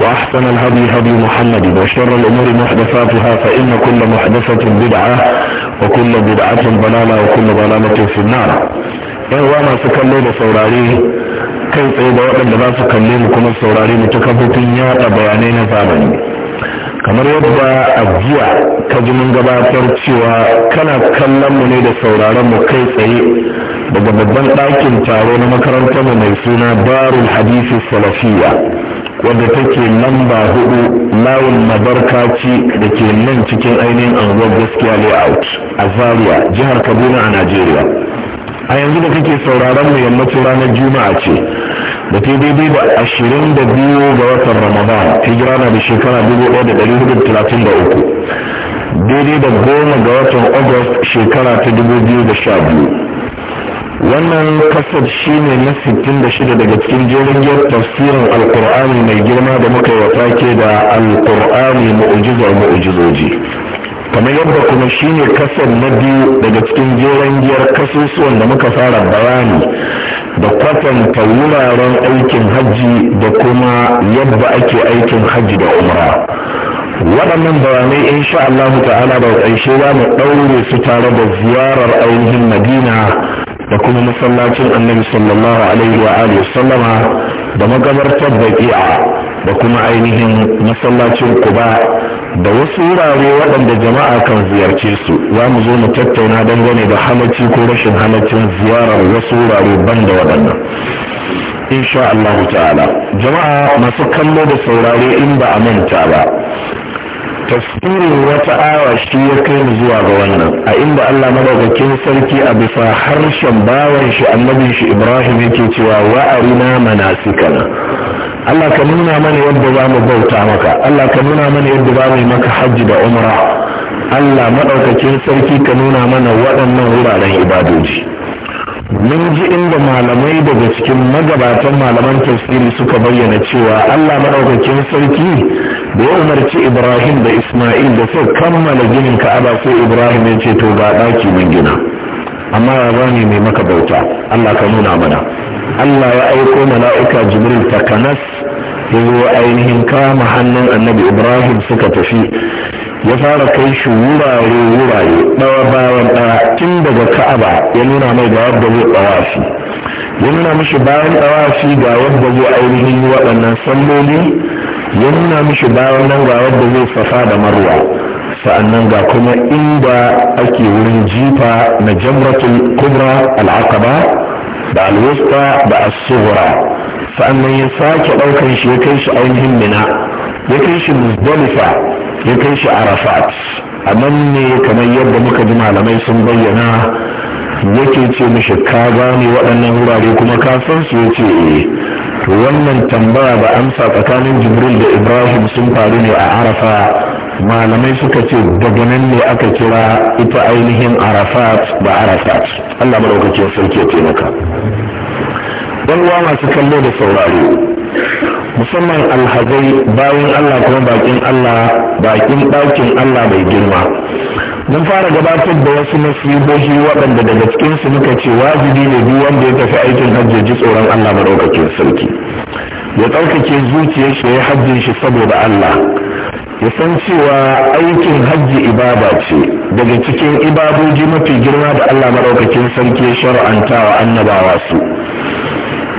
وأحسن الهدي هدي محمد وشر الأمور محدثاتها فإن كل محدثة بدعة وكل بدعة ضلالة وكل ضلالة في النار yawa masu kallo da saurari kai tsaye da waɗanda za su kalle mu kuma saurari mu ta kafofin yaɗa bayanai na zamani kamar yadda a jiya ka mun gabatar cewa kana kallon mu ne da sauraron mu kai tsaye daga babban ɗakin taro na makarantar mai suna barul hadisi salafiya wadda take lamba hudu lawun mabarkaci da ke nan cikin ainihin anguwar gaskiya layout a zaria jihar kaduna a najeriya a yanzu da kake sauraron mu yammacin ranar juma'a ce da ta daidai da ashirin da biyu ga watan ramadan hijira na da shekara dubu ɗaya da ɗari hudu talatin da uku daidai da goma ga watan agust shekara ta dubu biyu da sha biyu wannan kasar shine na 66 daga cikin jirgin tafsirin alkur'ani mai girma da muka yi take da alkur'ani mu'ujizar mu'ujizoji kamar yadda kuma shine kasar na biyu daga cikin jirgin giyar kasusuwan da muka fara bayani da kwatanta wuraren aikin hajji da kuma yadda ake aikin hajji da umra waɗannan bayanai insha Allah ta'ala ba ƙarshe za mu ɗaure su tare da ziyarar ainihin madina da kuma masallacin annabi sallallahu alaihi wa alihi sallama da magabartar baki'a da kuma ainihin masallacin kuba da wasu wurare waɗanda jama'a kan ziyarce su za mu zo mu tattauna dangane da halacci ko rashin halaccin ziyarar wasu wurare ban da waɗannan insha Allah ta'ala jama'a masu kallo da saurare in ba a manta ba tafsirin wata awa shi ya kai mu zuwa ga wannan a inda Allah madaukakin sarki a bisa harshen bawan shi annabin shi Ibrahim yake cewa wa arina manasikana Allah ka nuna mana yadda za mu bauta maka Allah ka nuna mana yadda za mu yi maka hajji da umra Allah madaukakin sarki ka nuna mana waɗannan wuraren ibadoji mun ji inda malamai daga cikin magabatan malaman tafsiri suka bayyana cewa Allah maɗaukakin sarki da ya umarci Ibrahim da Ismail da sai kammala ginin Ka'aba sai Ibrahim ya ce to ba ɗaki mun gina amma ya zane mai maka bauta Allah ka nuna mana Allah ya aiko mala'ika Jibril takanas ya zo ainihin kama hannun annabi Ibrahim suka tafi ya fara kai shi wurare wurare ɗawa bayan ɗaya tun daga ka'aba ya nuna mai ga yadda zai ɗawafi ya nuna mishi bayan ɗawafi ga yadda zai ainihin waɗannan salloli ya nuna mishi bayan nan ga yadda zai safa da marwa sa'annan ga kuma inda ake wurin jifa na jamratul kubra al'aqaba da alwusta da Asubura. sa'annan ya sake ɗaukan shi ya kai shi ainihin mina ya kai shi muzdalifa ya kai shi arafat a nan ne kamar yadda muka ji malamai sun bayyana yake ce mishi ka gane waɗannan wurare kuma ka san su ya ce eh. wannan tambaya da amsa tsakanin jibril da ibrahim sun faru ne a arafa malamai suka ce daga nan ne aka kira ita ainihin arafat da arafat allah maɗaukacin sarki ya taimaka don uwa masu kallo da sauraro musamman alhazai bayan Allah kuma bakin Allah bakin ɗaukin Allah bai girma mun fara gabatar da wasu nasibohi waɗanda daga cikinsu muka ce wajibi ne duk wanda ya tafi aikin hajji ji tsoron Allah maɗaukakin sarki ya ɗaukake zuciyar shi ya hajji shi saboda Allah ya san cewa aikin hajji ibada ce daga cikin ibadoji mafi girma da Allah maɗaukakin sarki ya shar'anta wa annabawa su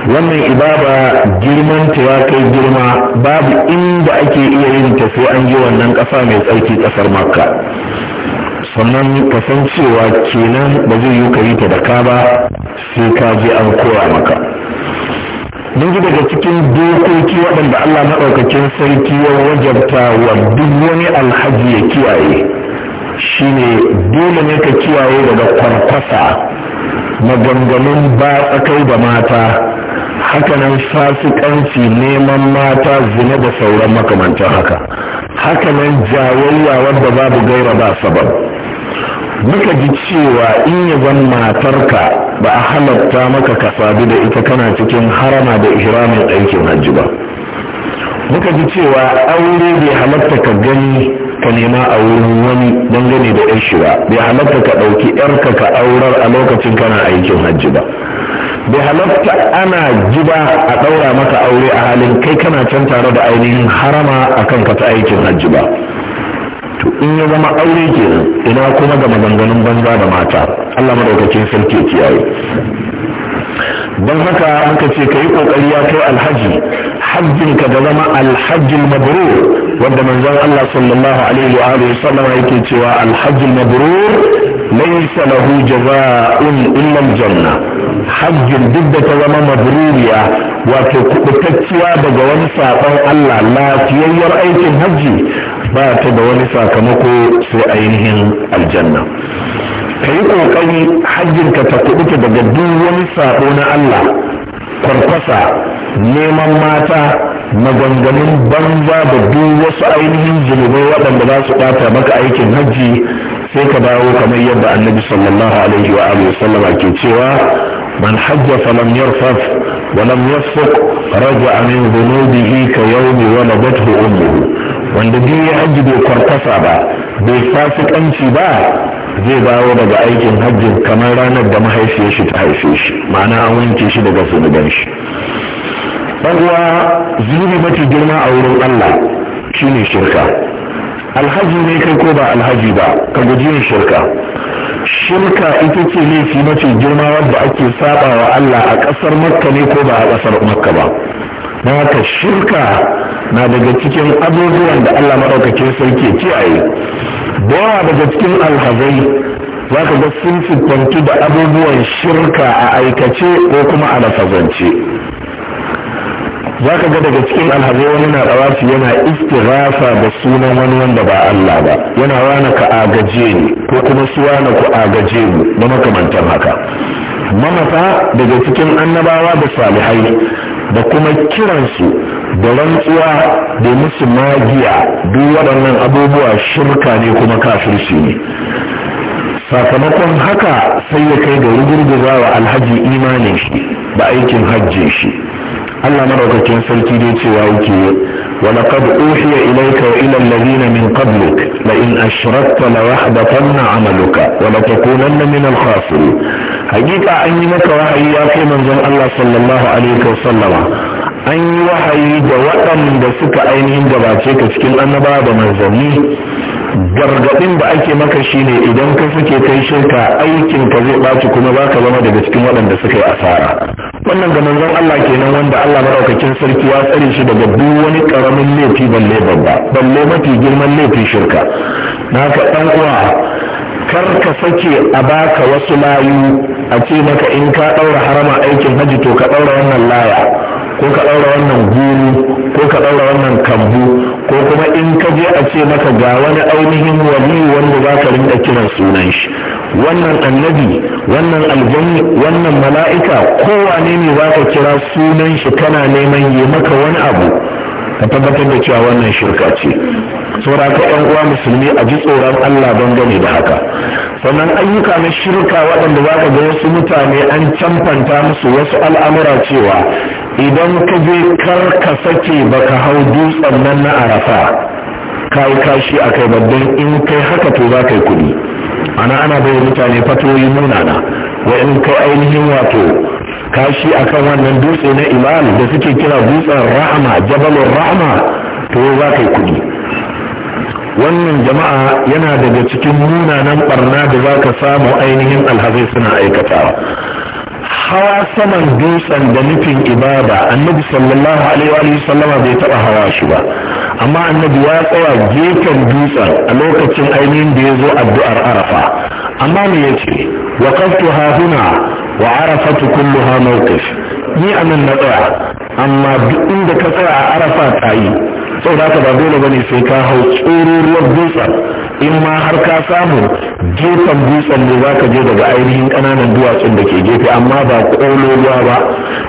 wannan ibaba girman ta ya kai girma babu inda ake iya yin ta sai an je wannan ƙasa mai tsarki ƙasar makka sannan kasan cewa kenan ba zai yi kari ta da ka ba sai ka je an koya maka don daga cikin dokoki waɗanda allah maɗaukakin sarki ya wajabta wa duk wani alhaji ya kiyaye shine dole ne ka kiyaye daga kwarkwasa maganganun ba tsakai da mata hakanan fasikanci neman mata zina da sauran makamantar haka hakanan jawayya wadda babu gaira ba sabab muka ji cewa in ya zan matarka ba a halatta maka ka sadu da ita kana cikin harama da ihramin aikin hajji ba muka ji cewa aure bai halatta ka gani ka nema a wurin wani dangane da yan shiga bai halatta ka ɗauki yarka ka aurar a lokacin kana aikin hajji ba bai halatta ana jiba a ɗaura maka aure a halin kai kana can tare da ainihin harama a kan ta aikin hajji ba to in ya zama aure kenan ina kuma ga maganganun banza da mata allah madaukakin sarki kiyaye don haka muka ce ka yi kokari ya kai alhaji hajjin ka da zama alhajjin mabrur wanda manzon Allah sallallahu alaihi wa alihi sallama yake cewa alhajjin mabrur laysa lahu jazaa'un illa aljanna hajjin duk da ta zama mabruriya wato kubutacciya daga wani saɓon Allah lafiyayyar aikin hajji ba ta da wani sakamako sai ainihin aljanna ka yi ƙoƙari hajjinka ta kubuta daga duk wani saɓo na Allah kwarkwasa neman mata maganganun banza da duk wasu ainihin zunubai waɗanda za su ɓata maka aikin hajji sai ka dawo kamar yadda annabi sallallahu alaihi wa alihi sallama ke cewa man hajja falam yarfaf wa lam yafsuq raja'a min dhunubihi ka yawmi waladathu ummuhu wanda duk ya hajji bai kwarkwasa ba bai fasikanci ba zai dawo daga aikin hajji kamar ranar da mahaifiyar shi ta haife shi ma'ana an wanke shi daga sunuban shi ɗan uwa zunubi mafi girma a wurin Allah shine shirka alhaji ne kai ko ba alhaji ba ka guji yin shirka shirka ita ce laifi mafi girma wadda ake saba wa Allah a ƙasar makka ne ko ba a ƙasar makka ba Na haka shirka na daga cikin abubuwan da Allah maɗaukacin sarki kiyaye da daga cikin alhazai za ka ga sun da abubuwan shirka a aikace ko kuma a lafazance za ka ga daga cikin alhazai wani na ɗawafi yana istirafa da sunan wani wanda ba Allah ba yana rana ka agaje ne ko kuma su ku agaje mu da makamantan haka mamata daga cikin annabawa da salihai da kuma kiransu da rantsuwa da musu duk waɗannan abubuwa shirka ne kuma kafin shi ne sakamakon haka sai ya kai ga rugurguza wa alhaji imanin shi da aikin hajji shi Allah madaukakin sarki dai cewa yake wa laqad uhiya ilayka wa ila alladhina min qablik la in ashrakta la yahbatanna amaluka wa la takunanna min al hakika an yi maka wahayi ya kai manzon Allah sallallahu alaihi wa sallama an yi wahayi ga waɗanda suka ainihin gabace ka cikin annaba da manzanni gargaɗin da ake maka shine idan ka suke kai shirka aikin ka zai ɓaci kuma ba ka zama daga cikin waɗanda suka yi asara wannan ga manzon Allah kenan wanda Allah maraukakin sarki ya tsare shi daga duk wani ƙaramin laifi balle babba balle mafi girman laifin shirka na haka ɗan uwa kar ka sake a baka wasu layu a ce maka in ka ɗaura harama aikin hajji to ka ɗaura wannan laya ko ka ɗaura wannan guru ko ka ɗaura wannan kambu ko kuma in ka je a ce maka ga wani ainihin wani wanda za ka rinda kiran sunan shi wannan annabi wannan aljanni wannan mala'ika kowane ne za ka kira sunan shi kana neman yi maka wani abu ka tabbatar da cewa wannan shirka ce sauraka ka yan uwa musulmi a ji tsoron Allah dangane da haka sannan ayyuka na shirka waɗanda za ka ga wasu mutane an canfanta musu wasu al'amura cewa idan ka je kar ka sake baka hau dutsen nan na arafa ka yi kashi a kai babban in kai haka to za ka yi kuɗi ana ana bai mutane fatoyi munana wa in kai ainihin wato kashi akan wannan dutse na imal da suke kira dutsen rahama jabalin rahama to za ka yi kuɗi wannan jama'a yana daga cikin munanan barna da za ka samu ainihin alhazai suna aikatawa hawa saman dutsen da nufin ibada annabi sallallahu alaihi wa sallama bai taba hawa shi ba amma annabi ya tsaya gefen dutsen a lokacin ainihin da ya zo addu'ar arafa amma me ya ce wa kaftu hahuna wa arafatu ha mawqif ni anan na tsaya amma duk inda ka tsaya a arafa ta yi saboda haka ba dole bane sai ka hau tsoron dutsen in ma har ka samu gefen dutsen ne za ka je daga ainihin ƙananan duwatsun da ke gefe amma ba ƙololuwa ba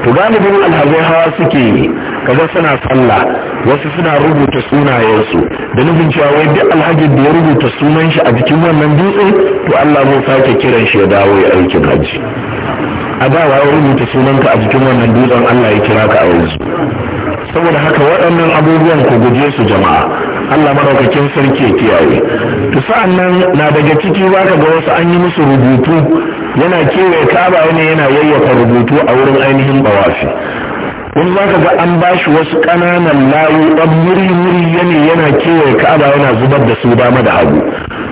to galibin alhazai hawa suke yi kaga suna sallah wasu suna rubuta sunayensu da nufin cewa wai duk alhaji da ya rubuta sunan shi a jikin wannan dutse to Allah zai sake kiran shi ya dawo ya aikin hajji a da ya rubuta sunanka a jikin wannan dutsen Allah ya kira ka a yanzu saboda haka waɗannan abubuwan ku guje su jama'a Allah maraukakin sarki ya kiyaye to sa'an nan na daga ciki zaka ga wasu an yi musu rubutu yana kewaye kaba wani yana yayyafa rubutu a wurin ainihin bawafi wani zaka ga an ba shi wasu ƙananan layu ɗan muri-muri yana yana kewaye kaba yana zubar da su dama da hagu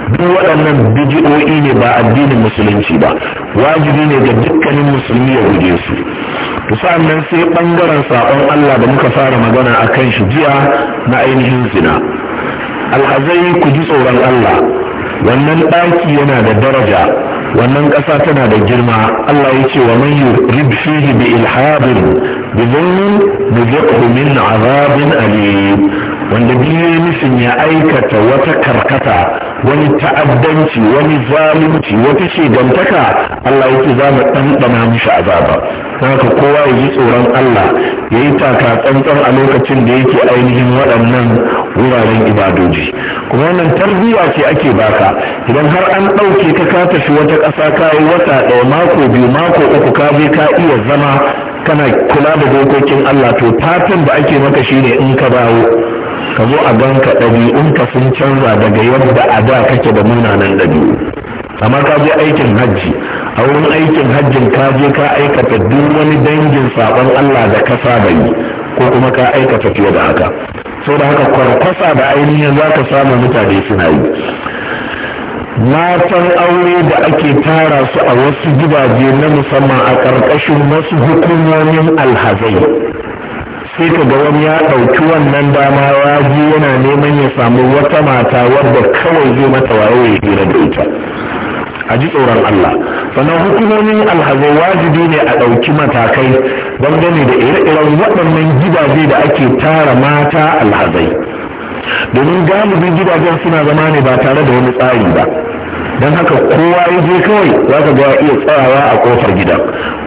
duk waɗannan bijiyoyi ne ba addinin musulunci ba wajibi ne ga dukkanin musulmi ya guje su to sa'annan sai bangaren sabon Allah da muka fara magana a kan shi jiya na ainihin zina alhazai ku ji tsoron Allah wannan ɗaki yana da daraja wannan ƙasa tana da girma Allah ya ce wa man yurib fihi bi ilhadin bi dhulmin nuzighu min azabin alim wanda biyu nufin ya aikata wata karkata wani ta'addanci wani zalunci wata shegantaka Allah yake za mu ɗanɗana mishi azaba haka kowa ya ji tsoron Allah ya yi taka tsantsan a lokacin da yake ainihin waɗannan wuraren ibadoji kuma wannan tarbiyya ce ake baka idan har an ɗauke ka ka tafi wata ƙasa ka yi wata ɗaya mako biyu mako uku ka je ka iya zama kana kula da dokokin Allah to fatan da ake maka shine in ka dawo ka zo a ganka ɗabi'unka sun canza daga yadda a da kake da munanan ɗabi'u amma ka je aikin hajji a wurin aikin hajjin ka je ka aikata duk wani dangin saɓon Allah da ka saba yi ko kuma ka aikata fiye da haka sau da haka kwarkwasa da ainihin za ka samu mutane suna yi matan aure da ake tara su a wasu gidaje na musamman a ƙarƙashin wasu hukumomin alhazai sai ka ga wani ya ɗauki wannan dama ya yana neman ya samu wata mata wadda kawai zai mata wayo ya hira da ita a ji tsoron Allah sannan hukumomin alhazai wajibi ne a ɗauki matakai dangane da ire-iren waɗannan gidaje da ake tara mata alhazai domin galibin gidajen suna zama ne ba tare da wani tsari ba don haka kowa ya je kawai za ka ga iya tsayawa a kofar gidan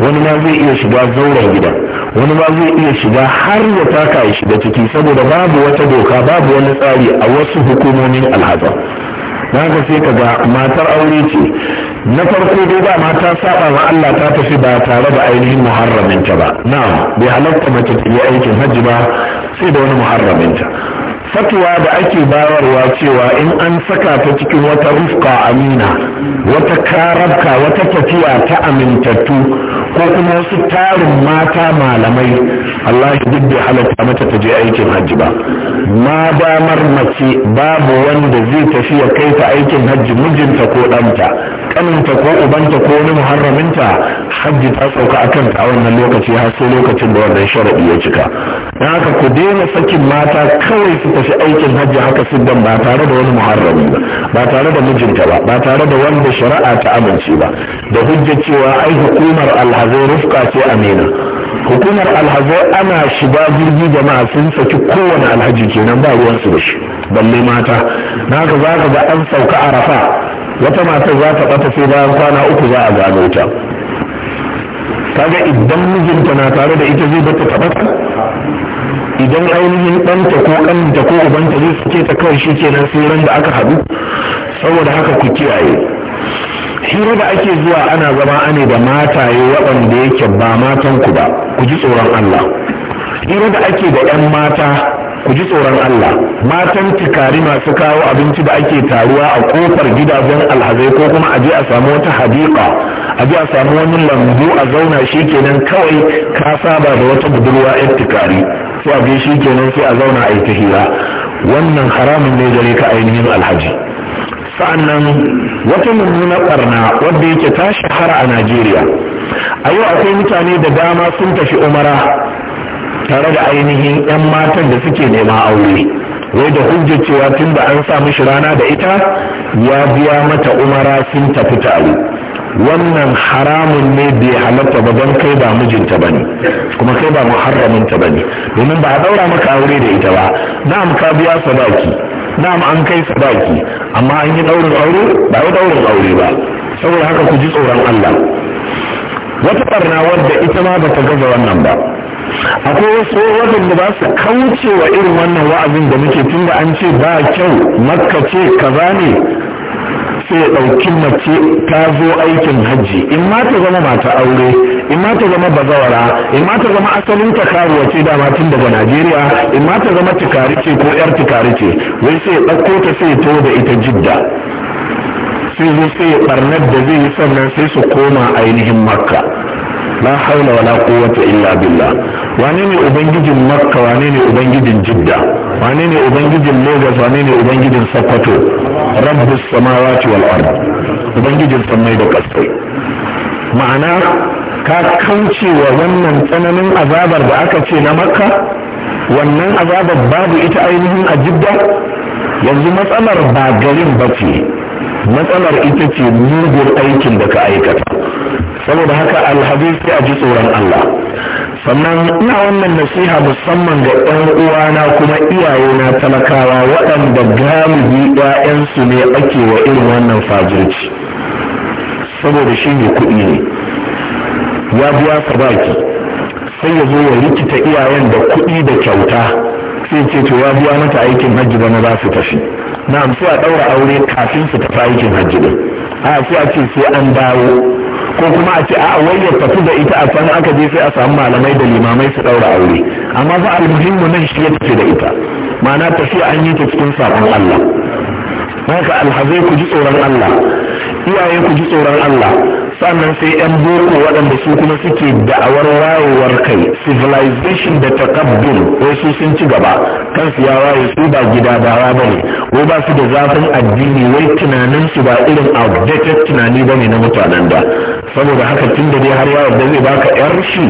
wani ma zai iya shiga zauren gida wani ma zai iya shiga har ya taka ya shiga ciki saboda babu wata doka babu wani tsari a wasu hukumomin alhaza na haka sai ka ga matar aure ce na farko dai ba mata saba ma Allah ta tafi ba tare da ainihin muharraminta ba na'am bai halatta mace ta yi aikin hajji ba sai da wani muharraminta fatuwa da ake bayarwa cewa in an saka ta cikin wata rufka amina wata karabka wata tafiya ta amintattu ko kuma wasu tarin mata malamai Allah duk bai halatta mata ta je aikin hajji ba ma damar mace babu wanda zai tafi ya kai ta aikin hajji mijinta ko ɗanta kaninta ko ubanta ko wani muharraminta hajji ta sauka akan ta a wannan lokaci har sai lokacin da wannan sharaɗi ya cika don haka ku daina sakin mata kawai su tafi aikin hajji haka siddan ba tare da wani muharrami ba ba tare da mijinta ba ba tare da wanda shari'a ta amince ba da hujja cewa ai hukumar alhazai rufka ce amina hukumar alhazai ana shiga jirgi jama'a sun saki kowane alhaji kenan ba ruwansu da shi balle mata na haka za ka ga an sauka arafa wata matar za ta bata sai bayan kwana uku za a gano ta kaga idan mijinta na tare da ita zai bata taɓa idan ainihin ɗanta ko ƙanta ko ubanta zai suke ta kawai shi kenan sai ran da aka haɗu saboda haka ku kiyaye hira da ake zuwa ana zama ane da mataye waɗanda yake ba matan ku ba ku ji tsoron Allah hira da ake da 'yan mata ku ji tsoron Allah matan tikari masu kawo abinci da ake taruwa a kofar gidajen alhazai ko kuma aje a samu wata a aje a samu wani lambu a zauna shi kenan kawai ka saba da wata budurwa 'yan tikari sai a shi kenan sai a zauna a yi ta hira wannan haramun ne gare ka ainihin alhaji sa'annan wata mummunar ɓarna wadda yake ta shahara a najeriya a yau akwai mutane da dama sun tafi umara tare da ainihin 'yan matan da suke nema aure wai da hujja cewa tun da an sa mishi rana da ita ya biya mata umara sun tafi tare wannan haramun ne bai halatta ba don kai ba mijinta ba ne kuma kai ba muharraminta ba ne domin ba a daura maka aure da ita ba na'am ka biya sadaki na'am an kai sadaki amma an yi daurin aure ba yi daurin aure ba saboda haka ku ji tsoron Allah wata barna wadda ita ma ba ta gaza wannan ba akwai wasu waɗanda ba su kauce wa irin wannan wa'azin da muke tunda an ce ba kyau makka ce kaza ne sai ya ɗauki mace ta zo aikin hajji in ma ta zama mata aure in ma ta zama bazawara in ma ta zama asalin ta karuwa ce dama tun daga najeriya in ma ta zama tikari ce ko yar tikari ce wai sai ya ɗauko ta sai ya tawo da ita jidda sai zo sai ya ɓarnar da zai yi sannan sai su koma ainihin makka la haula wala quwwata illa billah wane ne ubangijin makka wane ne ubangijin jidda wane ne ubangijin lagos wane ne ubangijin sokoto rabbus samawati wal ard ubangijin sammai da kasai ma'ana ka kauce wa wannan tsananin azabar da aka ce na makka wannan azabar babu ita ainihin a jidda yanzu matsalar ba garin ba ce matsalar ita ce mugun aikin da ka aikata saboda haka alhabis sai a ji tsoron Allah sannan ina wannan nasiha musamman ga ɗan uwana kuma iyaye na talakawa waɗanda galibi ‘ya'yansu ne ake wa irin wannan fajirci saboda shi ne kuɗi ne ya biya baki. sai ya zo ya rikita iyayen da kuɗi da kyauta sai ce to ya biya mata aikin hajji na za su tafi Na sai a ɗaura aure kafin su tafi aikin hajji ne a sai a ce sai an dawo ko kuma a ce a wai tafi da ita a san aka je sai a samu malamai da limamai su daura aure amma fa almuhimmu nan shi ya tafi da ita ma'ana tafiya an yi ta cikin sabon Allah haka alhazai ku ji tsoron Allah iyaye ku ji tsoron Allah sannan sai yan boko waɗanda su kuma suke da'awar wayewar kai civilization da takabbur wai su sun ci gaba kansu ya waye su ba gida ba ba ne ko ba su da zafin addini wai tunanin su ba irin outdated tunani bane na mutanen da saboda haka tun da dai har yawon da zai baka yar shi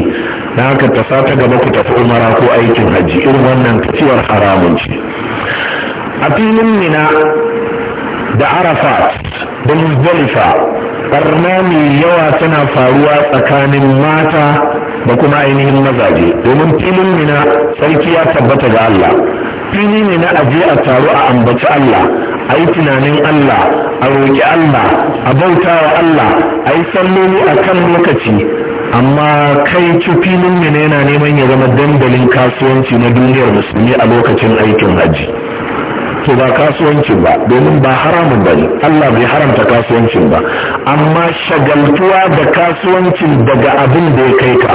na haka ta sata gaba ku tafi umara ko aikin hajji irin wannan ciwon haramun ci a filin mina da arafat da muzdalifa barna mai yawa tana faruwa tsakanin mata da kuma ainihin mazaje domin filin mina sarki ya tabbata ga allah fili ne na aje a taru a ambaci allah a yi tunanin allah a roƙi allah a bauta wa allah a yi salloli a kan lokaci amma kai ci filin mina yana neman ya zama dandalin kasuwanci na duniyar musulmi a lokacin aikin hajji to ba kasuwancin ba domin ba haramun ba ne Allah bai haramta kasuwancin ba amma shagaltuwa da kasuwancin daga abin da ya kai ka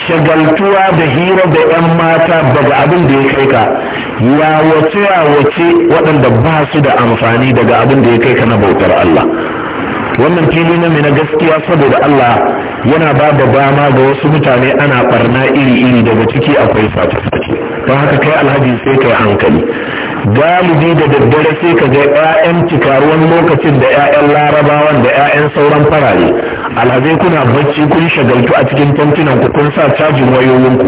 shagaltuwa da hira da 'yan mata daga abin da ya kai ka ya wace ya wace waɗanda ba su da amfani daga abin da ya kai ka na bautar Allah wannan fili na na gaskiya saboda Allah yana ba da dama ga wasu mutane ana barna iri-iri daga ciki akwai sace-sace don haka kai alhaji sai kai hankali galibi da daddare sai ka ga 'ya'yan cikaruwan lokacin da 'ya'yan larabawan da 'ya'yan sauran farare alhazai kuna bacci kun shagaltu a cikin tantunan ku kun sa cajin wayoyinku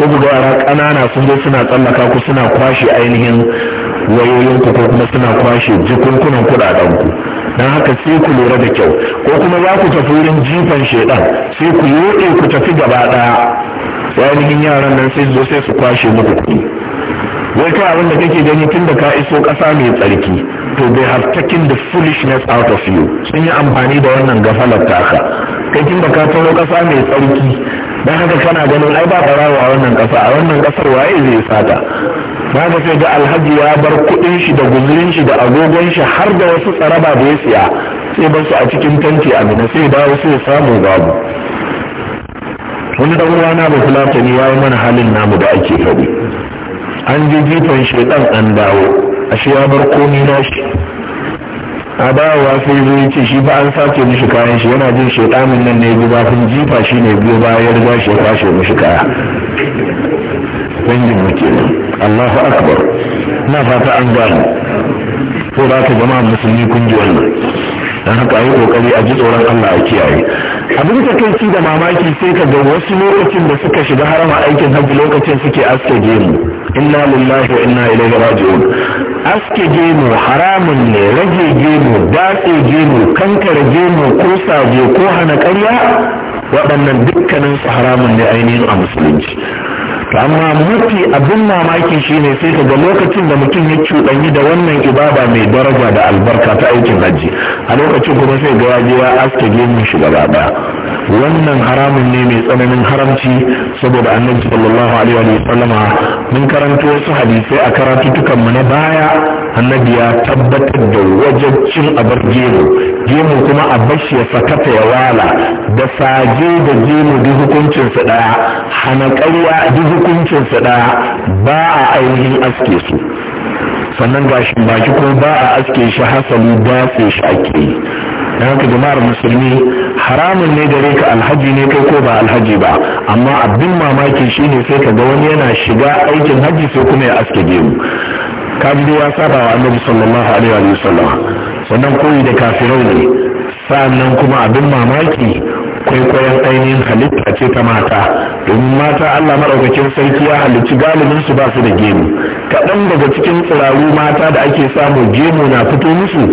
sai ku ga yara ƙanana sun zo suna tsallaka ku suna kwashe ainihin wayoyinku ko kuma suna kwashe jikunkunan kuɗaɗen ku don haka sai ku lura da kyau ko kuma za ku tafi wurin jifan shaidan sai ku yoɗe ku tafi gaba ɗaya ainihin yaran nan sai zo sai su kwashe muku kuɗi wai kai abin da kake gani tun da ka iso kasa mai tsarki to they have taken the foolishness out of you sun yi amfani da wannan gafalar taka kai tun da ka taro kasa mai tsarki Dan haka kana ganin ai ba ɓarawo a wannan kasa a wannan kasar waye zai sata ba ka sai ga alhaji ya bar kuɗin shi da guzurin shi da agogon shi har da wasu tsaraba da ya siya sai bar su a cikin tanti a mina sai dawo sai samu babu wani ɗan uwana ba ne ya yi mana halin namu da ake faɗi an ji jifan shaidan an dawo a shi ya bar komi shi a dawowa sai zai ce shi ba an sace mishi kayan shi yana jin shaidamin nan ne ba sun jifa shi ne biyo ba ya riga shi ya kwashe mishi kaya wani mu nan Allahu akbar na fata an gano ko za ka jama'a musulmi kun ji wannan dan haka yi kokari a ji tsoron Allah a kiyaye abin da kai ci da mamaki sai ka ga wasu lokacin da suka shiga harama aikin hajji lokacin suke aske gemu inna lillahi wa inna ilaihi raji'un aske gemu haramun ne rage gemu datse gemu kankare gemu ko saje ko hana ƙarya waɗannan dukkanin su haramun ne ainihin a musulunci amma mafi abin mamaki shine sai ka ga lokacin da mutum ya cuɗanyi da wannan ibada mai daraja da albarka ta aikin hajji a lokacin kuma sai ga ya aske gemun shi gaba ɗaya wannan haramun ne mai tsananin haramci saboda annabi sallallahu alaihi wa sallama mun karanto wasu hadisai a karatutukan mu na baya annabi ya tabbatar da wajabcin abar gemu gemu kuma a bashi ya sakata ya wala da saje da gemu duk hukuncin su daya hana ƙarya duk hukuncin su daya ba a ainihin aske su sannan gashin baki ko ba a aske shi hasali sai shi ake yi da haka jama'ar musulmi haramun ne gare ka alhaji ne kai ko ba alhaji ba amma abin mamaki shine sai ka ga wani yana shiga aikin haji sai kuma ya aske gemu kaji ya saba wa annabi sallallahu alaihi wa sallam sannan koyi da kafirai ne sannan kuma abin mamaki kwaikwayon ainihin halitta ce ta mata domin mata allah maɗaukakin sarki ya halicci galibin su ba su da gemu kaɗan daga cikin tsirarru mata da ake samu gemu na fito musu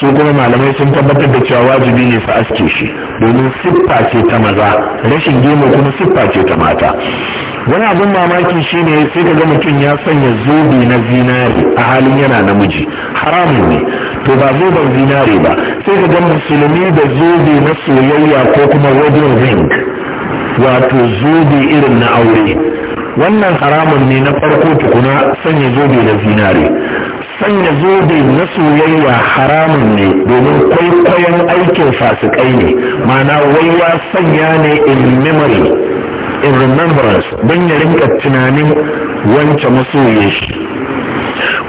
su kuma malamai sun tabbatar da cewa wajibi ne su aske shi domin siffa ce ta maza rashin gemu kuma siffa ce ta mata wani abin mamaki shine sai ka ga mutum ya sanya zobe na zinari a halin yana namiji haramun ne to ba zoben zinari ba sai ka ga musulmi da zobe na soyayya ko kuma wedding ring wato zobe irin na aure wannan haramun ne na farko tukuna sanya zobe na zinari sanya zobe na soyayya haramun ne domin kwaikwayon aikin fasikai ne mana wai ya sanya ne in memory in remembrance don ya rinka tunanin wancan masoyashi.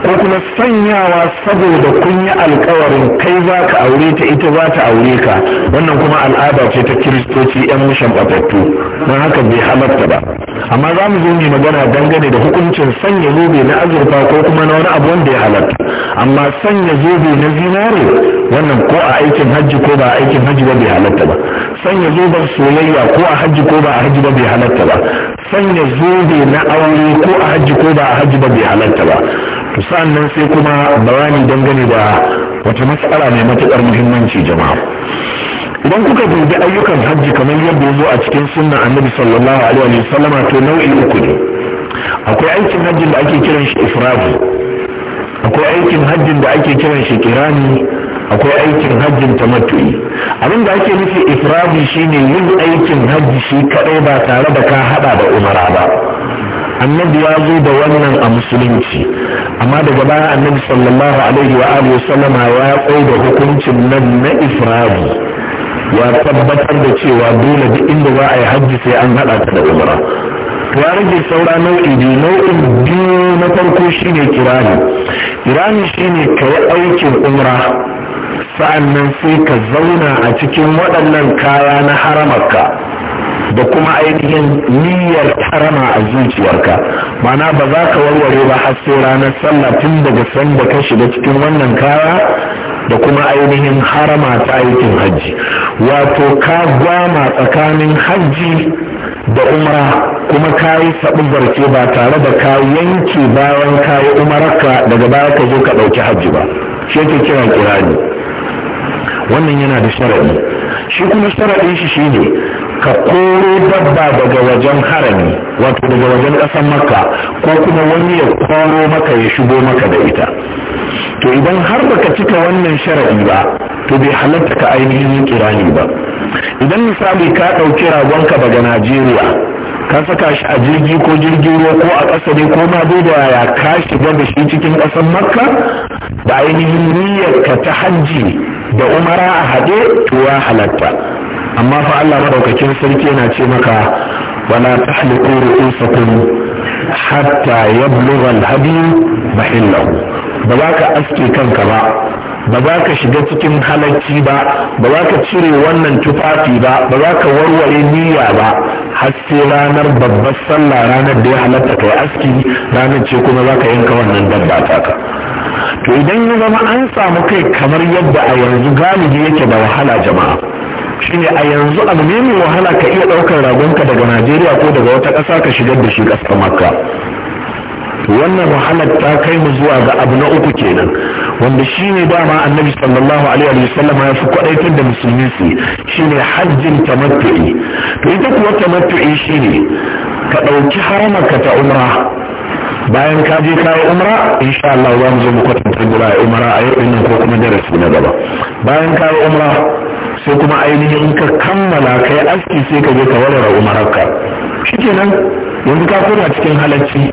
ko kuma sanyawa saboda kun yi alkawarin kai za ka aure ta ita za ta aure ka wannan kuma al'ada ce ta kiristoci yan mushan batattu don haka bai halatta ba amma za mu zo mu magana dangane da hukuncin sanya zobe na azurfa ko kuma na wani abu wanda ya halarta. amma sanya zobe na zinare wannan ko a aikin hajji ko ba a aikin hajji ba bai halatta ba sanya zoben soyayya ko a hajji ko ba a hajji ba bai halatta ba sanya zobe na aure ko a hajji ko ba a hajji ba bai halarta ba to sa'annan sai kuma bayani dangane da wata matsala mai matuƙar muhimmanci jama'a idan kuka dubi ayyukan hajji kamar yadda zo a cikin sunna annabi sallallahu alaihi wa sallama to nau'i uku ne akwai aikin hajjin da ake kiran shi ifradi akwai aikin hajjin da ake kiran shi kirani akwai aikin hajjin tamattu'i abin da ake nufi ifradi shine yin aikin hajji shi kadai ba tare da ka hada da umara ba annabi ya zo da wannan a musulunci amma daga baya annabi sallallahu alaihi wa alihi sallama ya tsai da hukuncin nan na ifradi ya tabbatar da cewa dole duk inda za a yi hajji sai an haɗa ta da umra ya rage saura nau'i biyu nau'in biyu na farko shine kirani kirani shine ka yi aikin umra sa'annan sai ka zauna a cikin waɗannan kaya na haramarka da kuma ainihin niyyar harama a zuciyarka mana ba za ka warware ba har sai ranar sallah tun daga sanda ka shiga cikin wannan kaya da kuma ainihin harama ta aikin hajji wato ka gwama tsakanin hajji da umara kuma ka yi saɓin ba tare da ka yanke bayan ka yi umararka daga baya ka zo ka ɗauki hajji ba shi yake kira kirani wannan yana da sharaɗi shi kuma sharaɗin shi shine ka koro dabba daga wajen harami wato daga wajen ƙasar makka ko kuma wani ya koro maka ya shigo maka da ita to idan har baka cika wannan shara'i ba to bai halatta ka ainihin kirani ba idan misali ka ɗauki ragonka daga najeriya ka saka shi a jirgi ko jirgin ruwa ko a ƙasa ne ko ma dai da yaya ka shiga da shi cikin ƙasar makka da ainihin niyyar ka ta hajji da umara a haɗe to ya halatta amma fa Allah madaukakin sarki yana ce maka wala tahliqu ru'usakum hatta yablugha al-hadi mahillahu ba za ka aske kanka ba ba za ka shiga cikin halarci ba ba za ka cire wannan tufafi ba ba za ka warware niyya ba har sai ranar babbar sallah ranar da ya halatta kai aski ranar ce kuma za ka yanka wannan dabba taka to idan ya zama an samu kai kamar yadda a yanzu galibi yake da wahala jama'a shine a yanzu abu mai wahala ka iya ɗaukar ragonka daga najeriya ko daga wata ƙasa ka shigar da shi ƙasar makka wannan wahalar ta kai mu zuwa ga abu na uku kenan wanda shine ne dama annabi sallallahu alaihi wa sallam ya fi kwadaitar da musulmi su shi ne hajjin tamattu'i to ita kuwa tamattu'i shi ne ka ɗauki haramarka ta umra bayan ka je kayi umra insha Allah za mu zo mu kwatanta gura umra a yau nan ko kuma darasi na gaba bayan kayi umra sai kuma ainihin in ka kammala kai aski sai ka je ka warware umararka kenan yanzu ka koma cikin halacci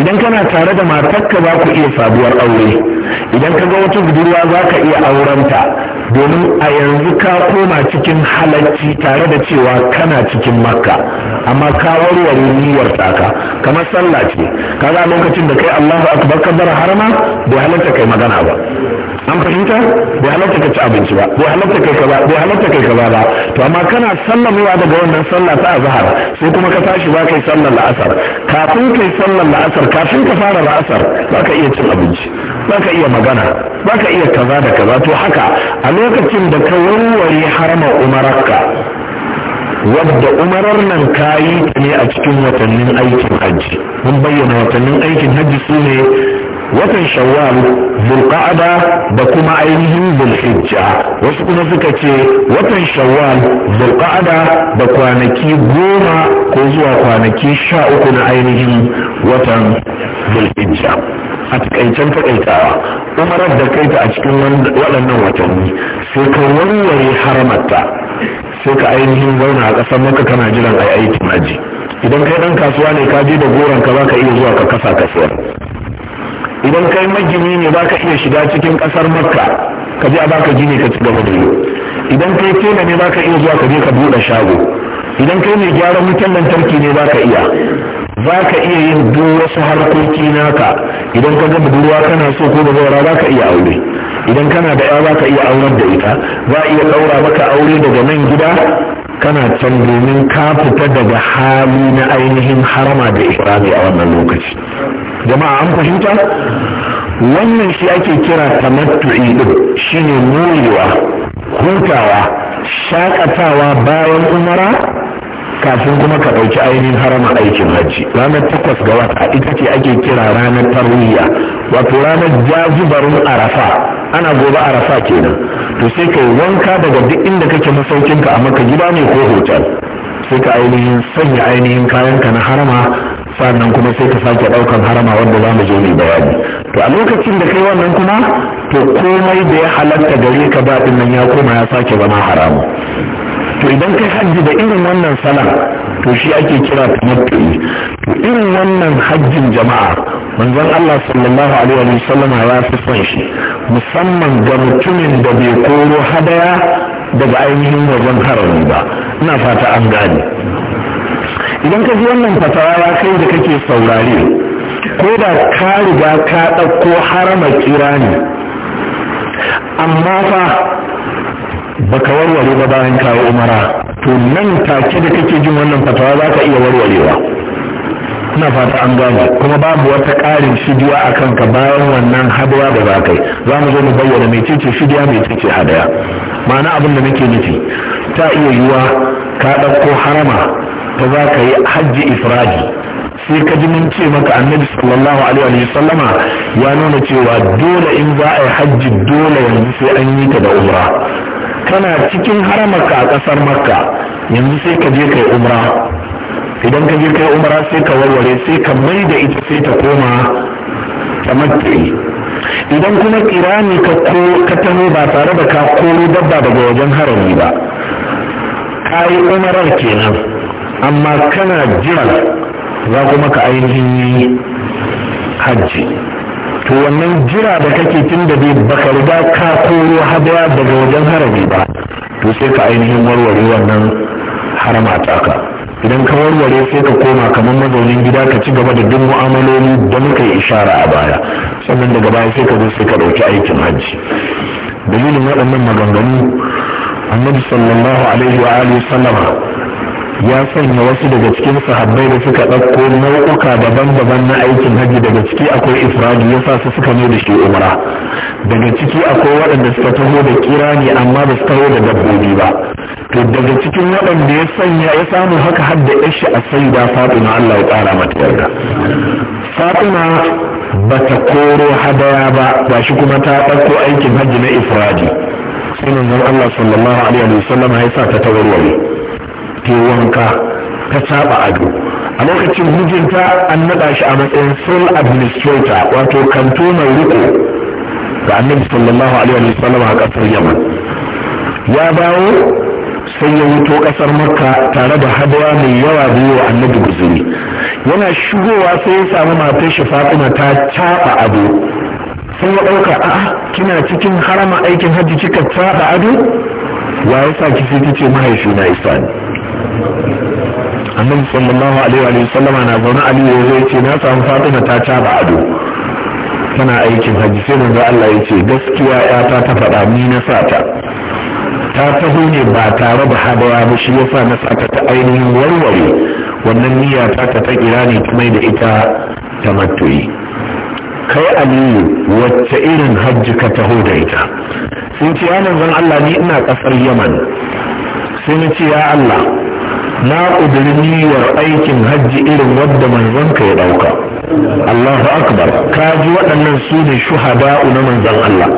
idan kana tare da matarka za ku iya sabuwar aure idan ka ga wata budurwa za ka iya aurenta domin a yanzu ka koma cikin halacci tare da cewa kana cikin makka amma ka warware niyyar taka kamar sallah ce ka ga lokacin da kai allahu akbar bar harama bai halarta kai magana ba an fahimta bai halarta ka ci abinci ba bai halarta kai kaza bai halarta kai kaza ba to amma kana sallamewa daga wannan sallah ta azhar sai kuma ka tashi ba kai sallar la'asar kafin kai sallar la'asar kafin ka fara la'asar ba ka iya cin abinci ba ka iya magana ba ka iya kaza da kaza to haka a lokacin da ka warware harama umararka wadda umarar nan ka yi ne a cikin watannin aikin hajji mun bayyana watannin aikin hajji su ne watan shawwal zulqa'ada da kuma ainihin zulhijja wasu kuma suka ce watan shawwal zulqa'ada da kwanaki goma ko zuwa kwanaki sha uku na ainihin watan zulhijja a takaicen takaitawa umarar da kaita a cikin waɗannan watanni sai ka warware haramarta sai ka ainihin zauna a ƙasar maka kana jiran ai aikin idan kai ɗan kasuwa ne ka je da goron ka za ka iya zuwa ka kasa kasuwar idan kai magini ne za ka iya shiga cikin kasar makka ka je a baka gini ka ci gaba da yi idan kai tela ne za ka iya zuwa ka je ka buɗe shago idan kai mai gyaran wutan lantarki ne za ka iya za ka iya yin duk wasu harkoki naka idan ka ga budurwa kana so ko da zaura za ka iya aure idan kana da ya za ka iya aurar da ita za a iya ɗaura maka aure daga nan gida kana can domin ka fita daga hali na ainihin harama da ihrami a wannan lokaci jama'a an fahimta wannan shi ake kira tamattu'i din shine morewa hutawa shakatawa bayan umara kafin kuma ka ɗauki ainihin haram aikin hajji ranar takwas ga wata ita ce ake kira ranar tarwiyya wato ranar jazubarin arafa ana gobe arafa kenan to sai yi wanka daga duk inda kake masaukin ka a maka gida ne ko hotel sai ka ainihin sanya ainihin kayanka na harama sannan kuma sai ka sake ɗaukan harama wanda za mu je bayani to a lokacin da kai wannan kuma to komai da ya halatta gare ka daɗin nan ya koma ya sake zama haramu to idan kai hajji da irin wannan sana to shi ake kira tamattu'i to irin wannan hajjin jama'a manzon Allah sallallahu alaihi wa ya fi son shi musamman ga mutumin da bai koro hadaya daga ainihin wajen harami ba ina fata an gane idan ka ji wannan fatawa kai da kake saurare ko da ka riga ka ɗauko harama kira ne amma fa baka warware ba bayan kawo umara to nan take da kake jin wannan fatawa za ka iya warwarewa Kuna fata an gane kuma babu wata ƙarin shidiya a kanka bayan wannan haduwa da za ka yi za mu zo mu bayyana mai cece shidiya mai hadaya ma'ana abin da nake nufi ta iya yiwuwa ka ɗauko harama ta za ka yi hajji ifradi sai ka ji mun ce maka annabi sallallahu alaihi wa sallama ya nuna cewa dole in za a yi hajji dole yanzu sai an yi ta da umra kana cikin haramarka a ƙasar makka yanzu sai ka je kai umra idan ka je kai umra sai ka warware sai ka mai da ita sai ta koma ta matsayi idan kuma kirani ka ko ka taho ba tare da ka koro dabba daga wajen harami ba ka yi umarar kenan amma kana jira za kuma ka ainihin hajji to wannan jira da kake tun da bai baka riga ka koro hadaya daga wajen harami ba to sai ka ainihin warware wannan harama taka idan ka warware sai ka koma kamar mazaunin gida ka ci gaba da duk mu'amaloli da muka yi ishara a baya sannan daga baya sai ka zo sai ka ɗauki aikin hajji dalilin waɗannan maganganu annabi sallallahu alaihi wa alihi sallama ya sanya wasu daga cikin sahabbai da suka ɗauko nau'uka daban-daban na aikin hajji daga ciki akwai ifradi ya sa su suka ne da shi umra daga ciki akwai waɗanda suka taho da kirani amma ba su taho da dabbobi ba to daga cikin waɗanda ya sanya ya samu haka har da yashi a saida fatima allah ya ƙara mata yarda fatima ba ta koro hadaya ba ba shi kuma ta ɗauko aikin hajji na ifradi sai manzon allah sallallahu alaihi wa sallam ya sa ta tawarware ta wanka ta saba ado a lokacin mijinta an naɗa shi a matsayin sole administrator wato mai riko ga annabi sallallahu alaihi wa sallam a ƙasar yaman ya bawo. sai ya wuto ƙasar makka tare da hadawa mai yawa biyu wa annabi guzuri yana shigowa sai ya samu matar shi fatima ta caɓa ado sai ya ɗauka a'a kina cikin harama aikin hajji kika caɓa ado wa ya sa ki sai ta ce mahaifina isa ne annabi sallallahu alaihi wa sallama na zaune ali ya zo yace na samu fatima ta caba ado tana aikin hajji sai manzo Allah ya ce gaskiya yata ta faɗa ni na sa ta ta taho ne ba tare da hadawa ba shi yasa na sa ta ainihin warware wannan niyya ta ta ta kira ne kuma da ita ta matoyi kai aliyu wacce irin hajji ka taho da ita sun ce ya manzon Allah ni ina kasar yaman sai na ce ya Allah na ƙudiri niyyar aikin hajji irin wadda manzanka ya ɗauka Allahu akbar ka ji waɗannan su ne shuhada'u na manzan Allah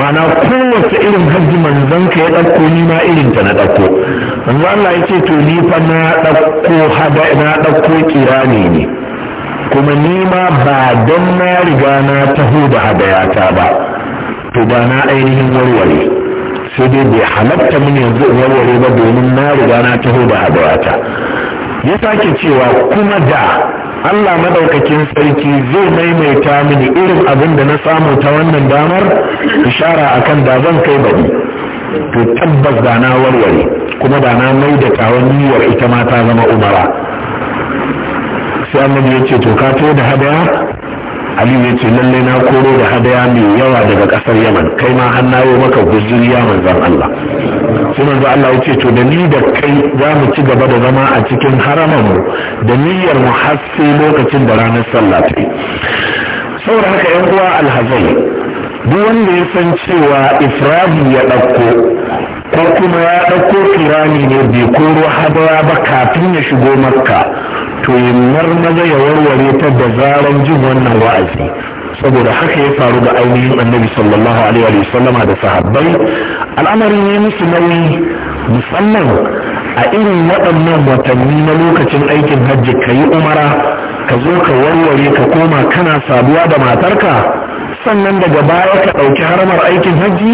mana kowace irin hajji manzanka ya ɗauko ni ma irin ta na ɗauko manzan Allah ya ce to ni fa na ɗauko hada na ɗauko kirani ne kuma ni ma ba don na riga na taho da hadayata ba to ba na ainihin warware sai dai bai halatta mini yanzu in warware ba domin na riga na taho da hadawata ya sake cewa kuma da Allah madaukakin sarki zai maimaita mini irin abin da na samu ta wannan damar ishara akan da zan kai bari to tabbas da na warware kuma da na mai da tawon niyyar ita ma ta zama umara sai annabi ya ce to ka da hadaya aliyu ya ce lallai na koro da hadaya mai yawa daga kasar yaman kai ma an nayo maka guzuri ya manzan allah sai manzo allah ya ce to da ni da kai za mu ci gaba da zama a cikin mu da niyyar mu har sai lokacin da ranar sallah ta yi saboda haka yan uwa alhazai duk wanda ya san cewa ifradi ya ɗauko ko kuma ya ɗauko kirani ne bai koro hadara ba kafin ya shigo makka to yi marmaza ya warware ta da zaran jin wannan wa'azi saboda haka ya faru da ainihin annabi sallallahu alaihi wa sallama da sahabbai Al'amari ne musu nauyi musamman a irin waɗannan watanni na lokacin aikin hajji ka yi umara ka zo ka warware ka koma kana saduwa da matarka sannan daga baya ka ɗauki haramar aikin hajji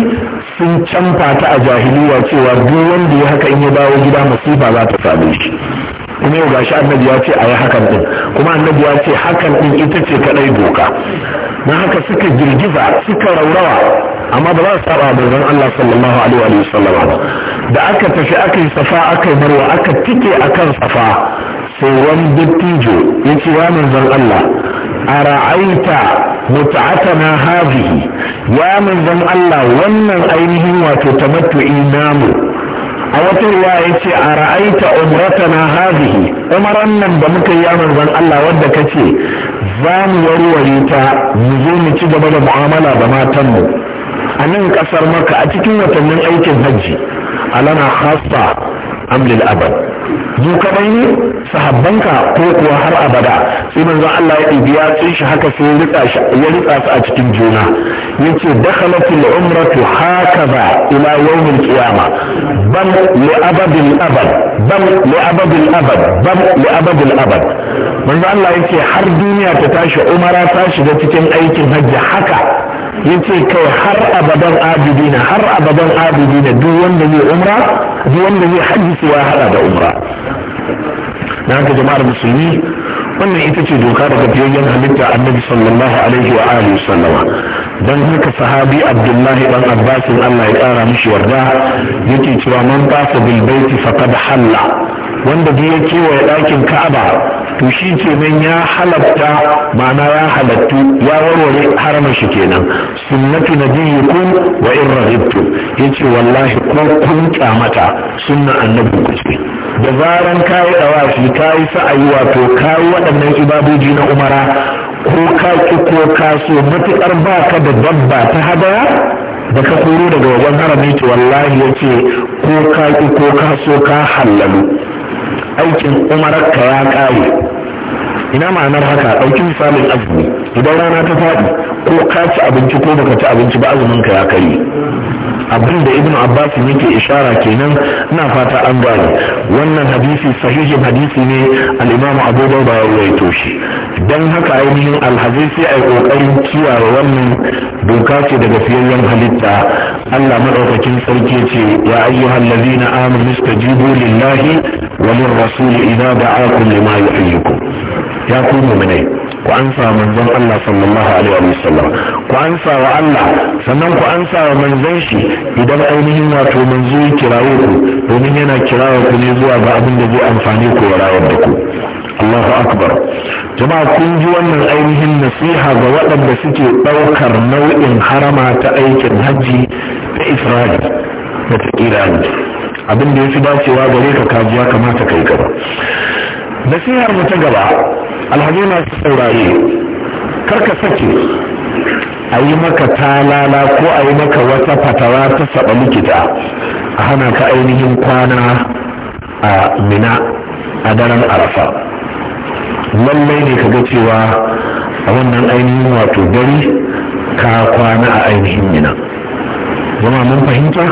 sun canfa a jahiliya cewa duk wanda ya haka in ya dawo gida masifa za ta same shi kuma yau gashi annabi ya ce a yi hakan din kuma annabi ya ce hakan din ita ce kadai doka na haka suka girgiza suka raurawa amma ba za su saba zan Allah sallallahu alaihi wa sallama ba da aka tafi aka yi safa aka yi marwa aka tike akan safa sai wani dattijo ya ce ya manzon Allah ara'aita mut'atana hadhihi ya manzon Allah wannan ainihin wato tamattu'i namu a wata ruwa ya ce a ra'aita umratana hazihi umaran nan da muka yi manzon Allah wadda ka ce za mu warware ta mu zo mu ci gaba da mu'amala da matanmu a nan kasar maka a cikin watannin aikin hajji alana hasa Amlil lil abad kadai ne sahabbanka ko kuwa har abada sai manzon Allah ya ɗibi yatsun shi haka sai ya rika shi ya rika su a cikin juna yace dakhalatil umratu hakaza ila yawmil qiyama Bam li abadil abad Bam li abadil abad Bam li abadil abad manzon Allah yace har duniya ta tashi umara ta shiga cikin aikin hajji haka ce kai har abadan abidina har abadan abidina duk wanda zai umra duk wanda zai hajji su ya hada da umra na haka jama'ar musulmi wannan ita ce doka daga biyayyen halitta annabi sallallahu alaihi wa alihi sallama don haka sahabi abdullahi dan abbasin allah ya kara mishi yarda yake cewa man fasa bil baiti faqad halla wanda duk ya kewaye ɗakin ka'aba to shi kenan ya halatta ma'ana ya halattu ya warware haramin shi kenan sunnatu nabiyyikum wa in raghibtu yace wallahi ko kun kyamata sunna annabi ku ce da zaran kayi dawashi kayi sa'ayi wato kayi waɗannan ibadoji na umara ko ka ki ko ka so matuƙar ba ka da dabba ta hadaya da ka koro daga wajen harami to wallahi ya ce ko ka ki ko ka so ka hallalu aikin umarar ka ya ƙare ina ma'anar haka ɗauki misalin azumi idan rana ta faɗi ko ka ci abinci ko baka ci abinci ba azumin ka ya kai abin da ibn abbas yake ishara kenan ina fata an gane wannan hadisi sahihin hadisi ne al-imam abu dauda ya rawaito shi dan haka ainihin alhazai sai ai kokarin kiyaye wannan doka ce daga fiyayyen halitta Allah madaukakin sarki ce ya ayyuhal ladina amanu istajibu lillahi wa lirrasuli idza da'akum lima yuhyikum ya ku mu'minai ku ansa manzon Allah sallallahu alaihi wa sallam ku ansa wa Allah sannan ku ansa wa manzon shi idan ainihin wato manzo ya kirawo ku domin yana kirawo ku ne zuwa ga abin da zai amfani ku ya rayar da ku Allahu akbar jama'a kun ji wannan ainihin nasiha ga waɗanda suke ɗaukar nau'in harama ta aikin hajji ta Isra'il da ta Iran abin da ya fi dacewa gare ka kaji ya kamata kai gaba da shiyar ta gaba alhaji na saurari karka sake a yi maka talala ko a yi maka wata fatawa ta saba likita a hana ka ainihin kwana a mina a daren arafa lallai ne ka ga cewa a wannan ainihin wato dare ka kwana a ainihin mina zama mun fahimta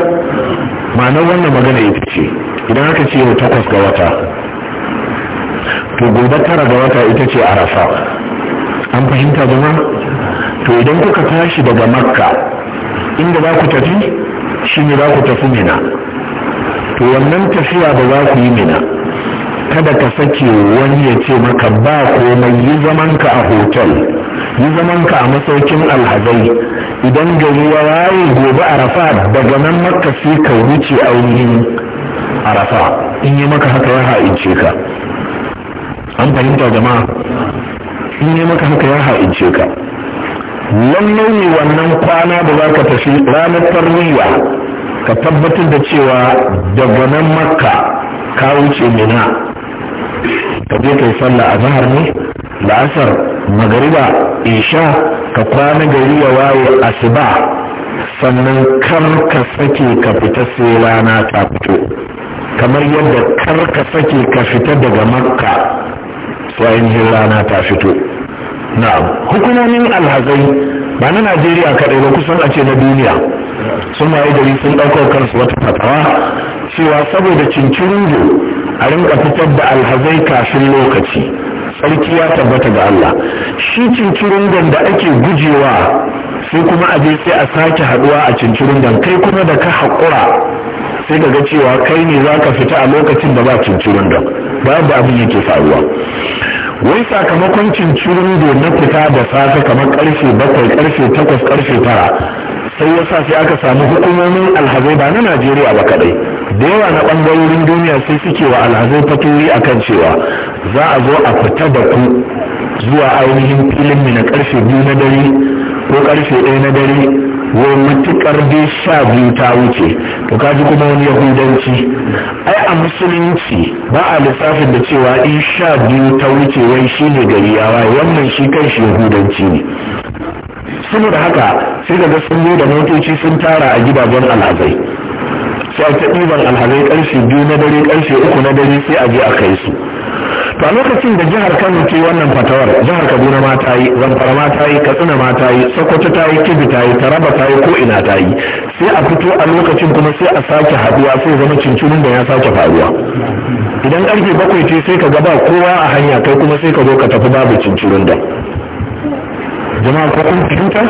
ma'anar wannan magana ita ce idan aka ce yau takwas ga wata to gobe tara ga wata ita ce arafa an fahimta zama to idan kuka tashi daga makka inda za ku tafi shi ne za ku tafi mina to wannan tafiya da za ku yi mina kada ka sake wani ya ce maka ba komai yi zamanka a hotel yi zamanka a masaukin alhazai idan ga ruwa waye gobe arafa daga nan makka sai ka wuce ainihin arafa in yi maka haka ya ha'ince ka an fahimta jama'a in ne maka haka ya ha'ince ka lallai ne wannan kwana da za ka tafi ranar tarwiyya ka tabbatar da cewa daga nan makka ka wuce mina ka je kai sallah a zahar ne la'asar magariba isha ka kwana gari ya waye asuba sannan kar ka sake ka fita sai rana ta fito kamar yadda kar ka sake ka fita daga makka wa ainihin rana ta fito na'am hukumomin alhazai ba na najeriya kaɗai ba kusan a ce na duniya sun da gari sun ɗaukar kansu wata fatawa cewa saboda cincirindo a rinka fitar da alhazai kafin lokaci sarki ya tabbata ga Allah shi cincirindon da ake gujewa sai kuma a je sai a sake haduwa a cincirindon kai kuma da ka haƙura sai ka ga cewa kai ne za ka fita a lokacin da ba cincirindon ga yadda abin yake faruwa wai sakamakon da na fita da safe kamar karfe bakwai karfe takwas karfe tara sai sa sai aka samu hukumomin alhazai ba na najeriya ba kadai da yawa na bangarorin duniya sai suke wa alhazai a kan cewa za a zo a fita da ku zuwa ainihin filin na karfe biyu na dare ko karfe ɗaya na dare wai matukar dai sha biyu ta wuce to kaji kuma wani yahudanci ai a musulunci ba a lissafin da cewa in sha biyu ta wuce wai shi ne gari yawa wannan shi kan shi yahudanci ne da haka sai daga sun yi da motoci sun tara a gidajen alhazai sai ta ɗiban alhazai ƙarshe biyu na dare ƙarshe uku na dare sai a je a kai su to a lokacin da jihar kano ke wannan fatawar jihar kaduna ma ta yi zamfara ma ta yi katsina ma ta yi sokoto ta yi kibi ta yi taraba ta yi ko ina ta yi sai a fito a lokacin kuma sai a sake haduwa sai zama cincinin da ya sake faruwa idan karfe bakwai ce sai ka gaba kowa a hanya kai kuma sai ka zo ka tafi babu cincinin da jama'a ko kun fahimta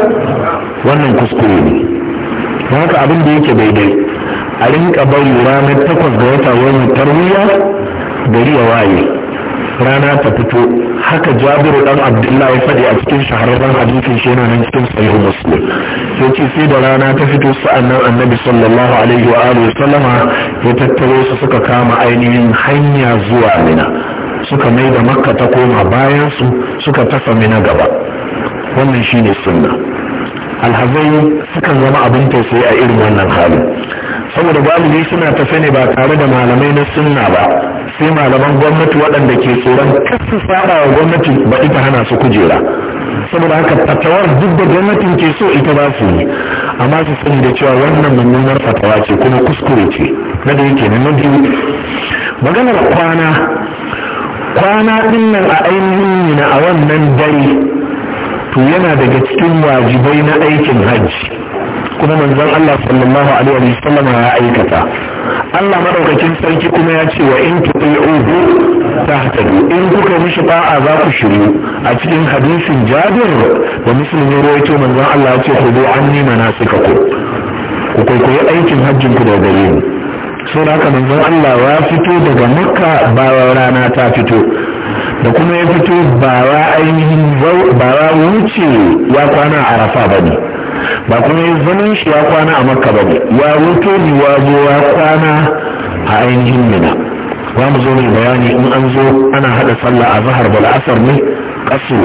wannan kuskure ne don haka abin da yake daidai a rinka bari ranar takwas ga wata wani tarwiya gari ya waye rana ta fito haka jabiru dan abdullahi ya faɗi a cikin shahararren hadisin shi yana nan cikin sahih muslim sai ce sai da rana ta fito sa'annan annabi sallallahu alaihi wa alihi sallama ya tattaro su suka kama ainihin hanya zuwa mina suka mai da makka ta koma bayan su suka tafa mina gaba wannan shine sunna alhazai sukan zama abin tausayi a irin wannan hali saboda galibi suna tafe ne ba tare da malamai na sunna ba sai malaman gwamnati waɗanda ke tsoron kasu saba wa gwamnati ba ita hana su kujera saboda haka fatawar duk da gwamnatin ke so ita ba su yi amma su sani da cewa wannan mummunar fatawa ce kuma kuskure ce na da yake na biyu maganar kwana kwana ɗin nan a ainihin nuna a wannan dare to yana daga cikin wajibai na aikin hajji kuma manzon Allah sallallahu alaihi wa sallam ya aikata Allah madaukakin sarki kuma ya ce wa in tuti'uhu tahtadu in kuka mishi ba'a za ku shiru a cikin hadisin Jabir da Muslim ya rawaito manzon Allah ya ce khudu anni manasikakum ku kwaikwayi aikin hajjin ku da gare ni sau da haka manzon Allah ya fito daga makka bawa rana ta fito da kuma ya fito ba ainihin ba wuce ya kwana a rafa ba ne ba kuma yi zaman shi ya kwana a makka ba ne ya roto ya zo ya kwana a ainihin mina za mu zo mai bayani in an zo ana haɗa sallah a zahar da asar ne kasu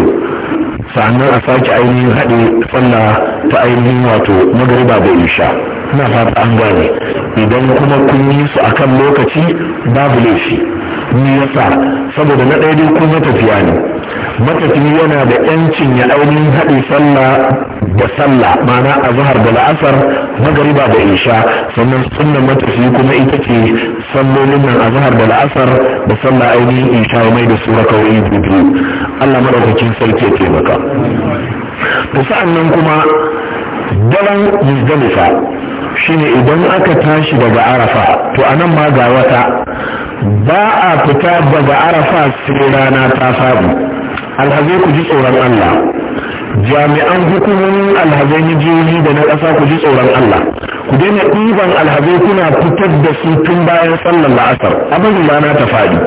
sannan a sake ainihin haɗe sallah ta ainihin wato magariba da isha na fata an gane idan kuma kun yi su akan lokaci babu laifi ni yasa saboda na ɗaya dai matafiya ne matafiya yana da yancin ya ainihin haɗe sallah da sallah ma'ana a zahar da la'asar magariba da isha sannan sunnan matafiya kuma ita ce sallolin nan a zahar da la'asar da sallah ainihin isha mai da su wani biyu Allah maɗaukacin sarki ya taimaka to sa'an nan kuma dalan muzdalifa shine idan aka tashi daga arafa to anan ma ga wata ba a fita daga arafa sai rana ta faɗi alhazai ku ji tsoron allah jami'an hukumomin alhazai na da na ƙasa ku ji tsoron allah ku daina ɗiban alhazai kuna fitar da su tun bayan sallar la'asar abin rana ta faɗi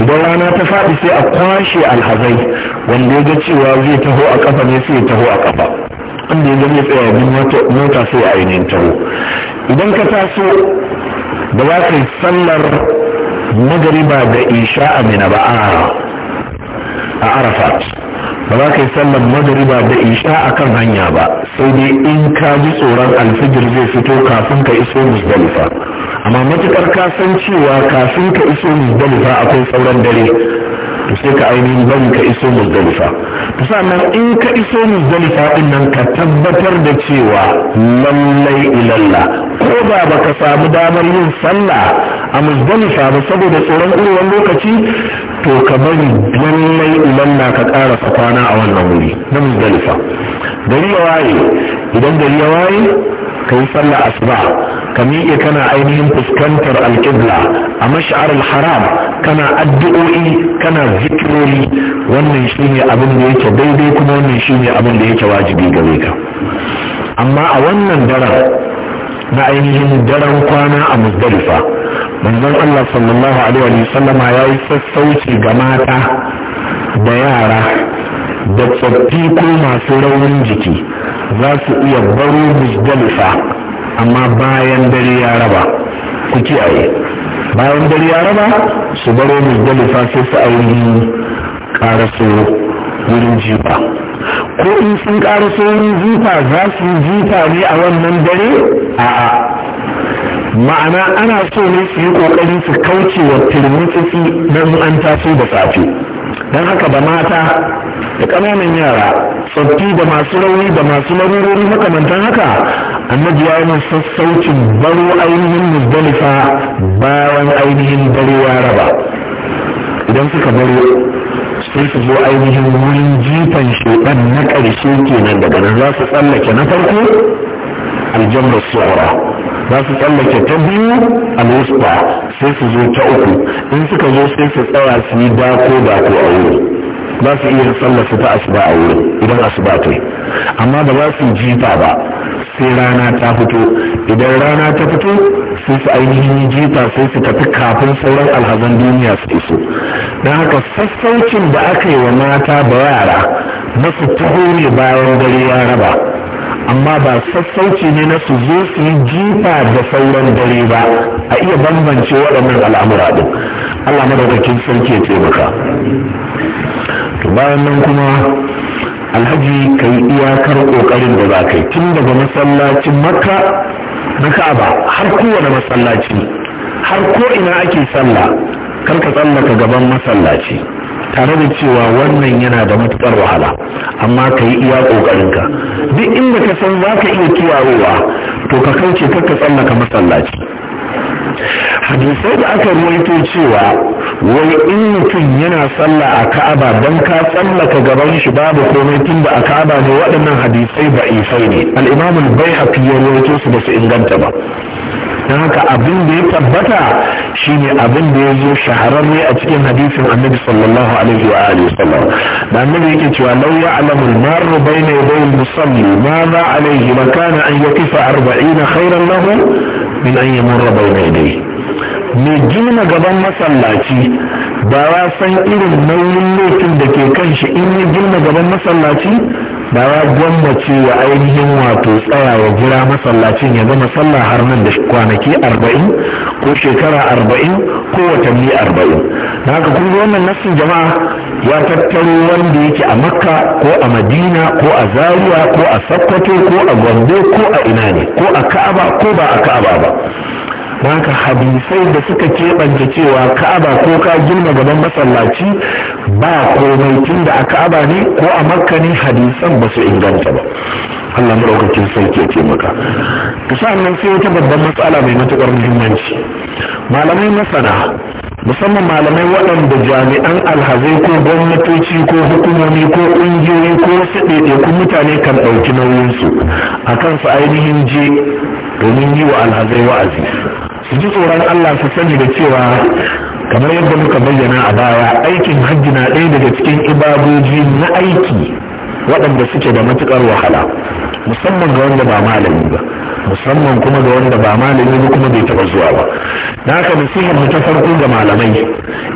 idan rana ta faɗi sai a kwashe alhazai wanda ya ga cewa zai taho a ƙafa ne sai ya taho a ƙafa wanda ya zama tsaya bin mota sai a ainihin taho idan ka taso da za ka yi sallar magariba da isha a ba a arafa ba za ka yi sallar magariba da isha a kan hanya ba sai dai in ka ji tsoron alfijir zai fito kafin ka iso musdalifa amma matukar ka san cewa kafin ka iso musdalifa akwai sauran dare to sai ka ainihin bari ka iso muzdalifa to sannan in ka iso muzdalifa din nan ka tabbatar da cewa lallai ilalla ko ba baka samu damar yin sallah a muzdalifa ba saboda tsoron irin lokaci to ka bari lallai ilalla ka karasa kwana a wannan wuri na muzdalifa gari ya waye idan gari ya waye ka yi sallah asuba ka miƙe kana ainihin fuskantar alƙibla a mash'ar haram kana addu'o'i kana zikirori wannan shi ne abin da yake daidai kuma wannan shi ne abin da yake wajibi gare ka amma a wannan daren na ainihin daren kwana a musdalifa manzon Allah sallallahu alaihi wa sallama yi sassauci ga mata da yara da tsaffi ko masu raunin jiki za su iya baro musdalifa amma bayan dare ya raba ku kiyaye bayan dare ya raba su baro da lissafi su auri karaso wurin jifa ko in sun karaso wurin jifa za su jifa ne a wannan dare a'a ma'ana ana so ne su yi kokari su kauce wa na don an taso da safe don haka ba mata da ƙananan yara tsoffi da masu rauni da masu larurori makamantan haka annabi ya yi sassaucin baro ainihin musdalifa bayan ainihin baro ya raba idan suka baro sai su zo ainihin wurin jifan shekan na ƙarshe kenan daga nan za su tsallake na farko aljannar su'ura za su tsallake ta biyu a alwusta sai su zo ta uku in suka zo sai su tsaya su yi dako dako a wuri za su iya tsallasa ta asuba a wuri idan asuba ta yi amma ba za su jifa ba sai rana ta fito idan rana ta fito sai su ainihin jifa sai su tafi kafin sauran alhazan duniya su iso don haka sassaucin da aka yi wa mata da yara ba su taho ne bayan dare ya raba amma ba sassauci ne na su zo su yi jifa da sauran dare ba a iya bambance waɗannan al'amura ɗin allah madaukakin sarki ya taimaka to bayan nan kuma alhaji ka yi iyakar ƙoƙarin da za ka yi tun daga masallacin maka na ka'aba har kowane masallaci har ko ina ake sallah kar ka tsallaka gaban masallaci tare da cewa wannan yana da matukar wahala amma ka yi iya ƙoƙarinka duk inda ka san za ka iya kiyarowa to ka kauce ka tsallaka masallaci hadisai da aka ruwaito cewa wai in mutum yana sallah a ka'aba don ka tsallaka gaban shi babu komai tun da a ka'aba ne waɗannan hadisai ba isai ne al'imamun bai hafi ya ruwaito su ba su inganta ba don haka abin da ya tabbata shine abin da yazo shahararre a cikin hadisin annabi sallallahu alaihi wa alihi wasallam da annabi yake cewa law ya'lamu al-marru bayna yaday al-musalli ma za alaihi ma kana an yakifa 40 khayran lahu min an yamurra bayna yaday mai gina gaban masallaci ba wa san irin nauyin lokacin da ke kanshi in ya gina gaban masallaci da ya gwammace wa ainihin wato tsaya wa jira masallacin ya zama sallah har nan da kwanaki arba'in ko shekara arba'in ko watanni arba'in da haka kun wannan nassin jama'a ya tattaro wanda yake a makka ko a madina ko a zaria ko a sakkwato ko a gombe ko a ina ne ko a ka'aba ko ba a ka'aba ba don haka hadisai da suka keɓanta cewa ka'aba ko ka girma gaban masallaci ba komai tun da a ka'aba ne ko a makka ne hadisan ba su inganta ba Allah maɗaukakin sarki ya taimaka sa nan sai wata babban matsala mai matuƙar muhimmanci malamai masana musamman malamai waɗanda jami'an alhazai ko gwamnatoci ko hukumomi ko ƙungiyoyi ko wasu ɗaiɗaikun mutane kan ɗauki nauyinsu a kansu ainihin je domin yi wa alhazai wa'azi su ji tsoron Allah su sani da cewa kamar yadda muka bayyana a baya aikin hajji na ɗaya daga cikin ibadoji na aiki waɗanda suke da matuƙar wahala musamman ga wanda ba malami ba musamman kuma da wanda ba malami ne kuma bai taba zuwa ba da haka nasihar ta farko ga malamai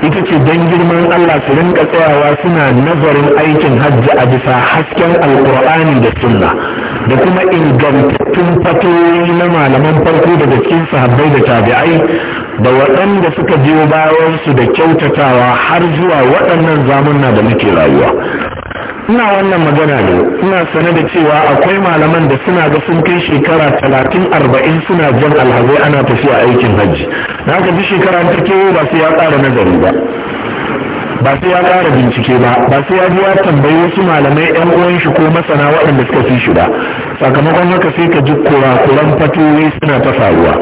ita ce dan girman Allah su rinka tsayawa suna nazarin aikin hajji a bisa hasken alkur'ani da sunna da kuma ingantattun fatoyi na malaman farko daga cikin sahabbai da tabi'ai da waɗanda suka biyo bayansu da kyautatawa har zuwa waɗannan zamunna da muke rayuwa ina wannan magana ne ina sane da cewa akwai malaman da suna ga sun kai shekara talatin arba'in suna jan alhazai ana tafiya aikin hajji na haka duk shekara ta ke ba sai ya tsara nazari ba ba sai ya ƙara bincike ba ba sai ya ji ya tambayi wasu malamai yan uwan shi ko masana waɗanda suka fi shi ba sakamakon haka sai ka ji kurakuran fatoyi suna ta faruwa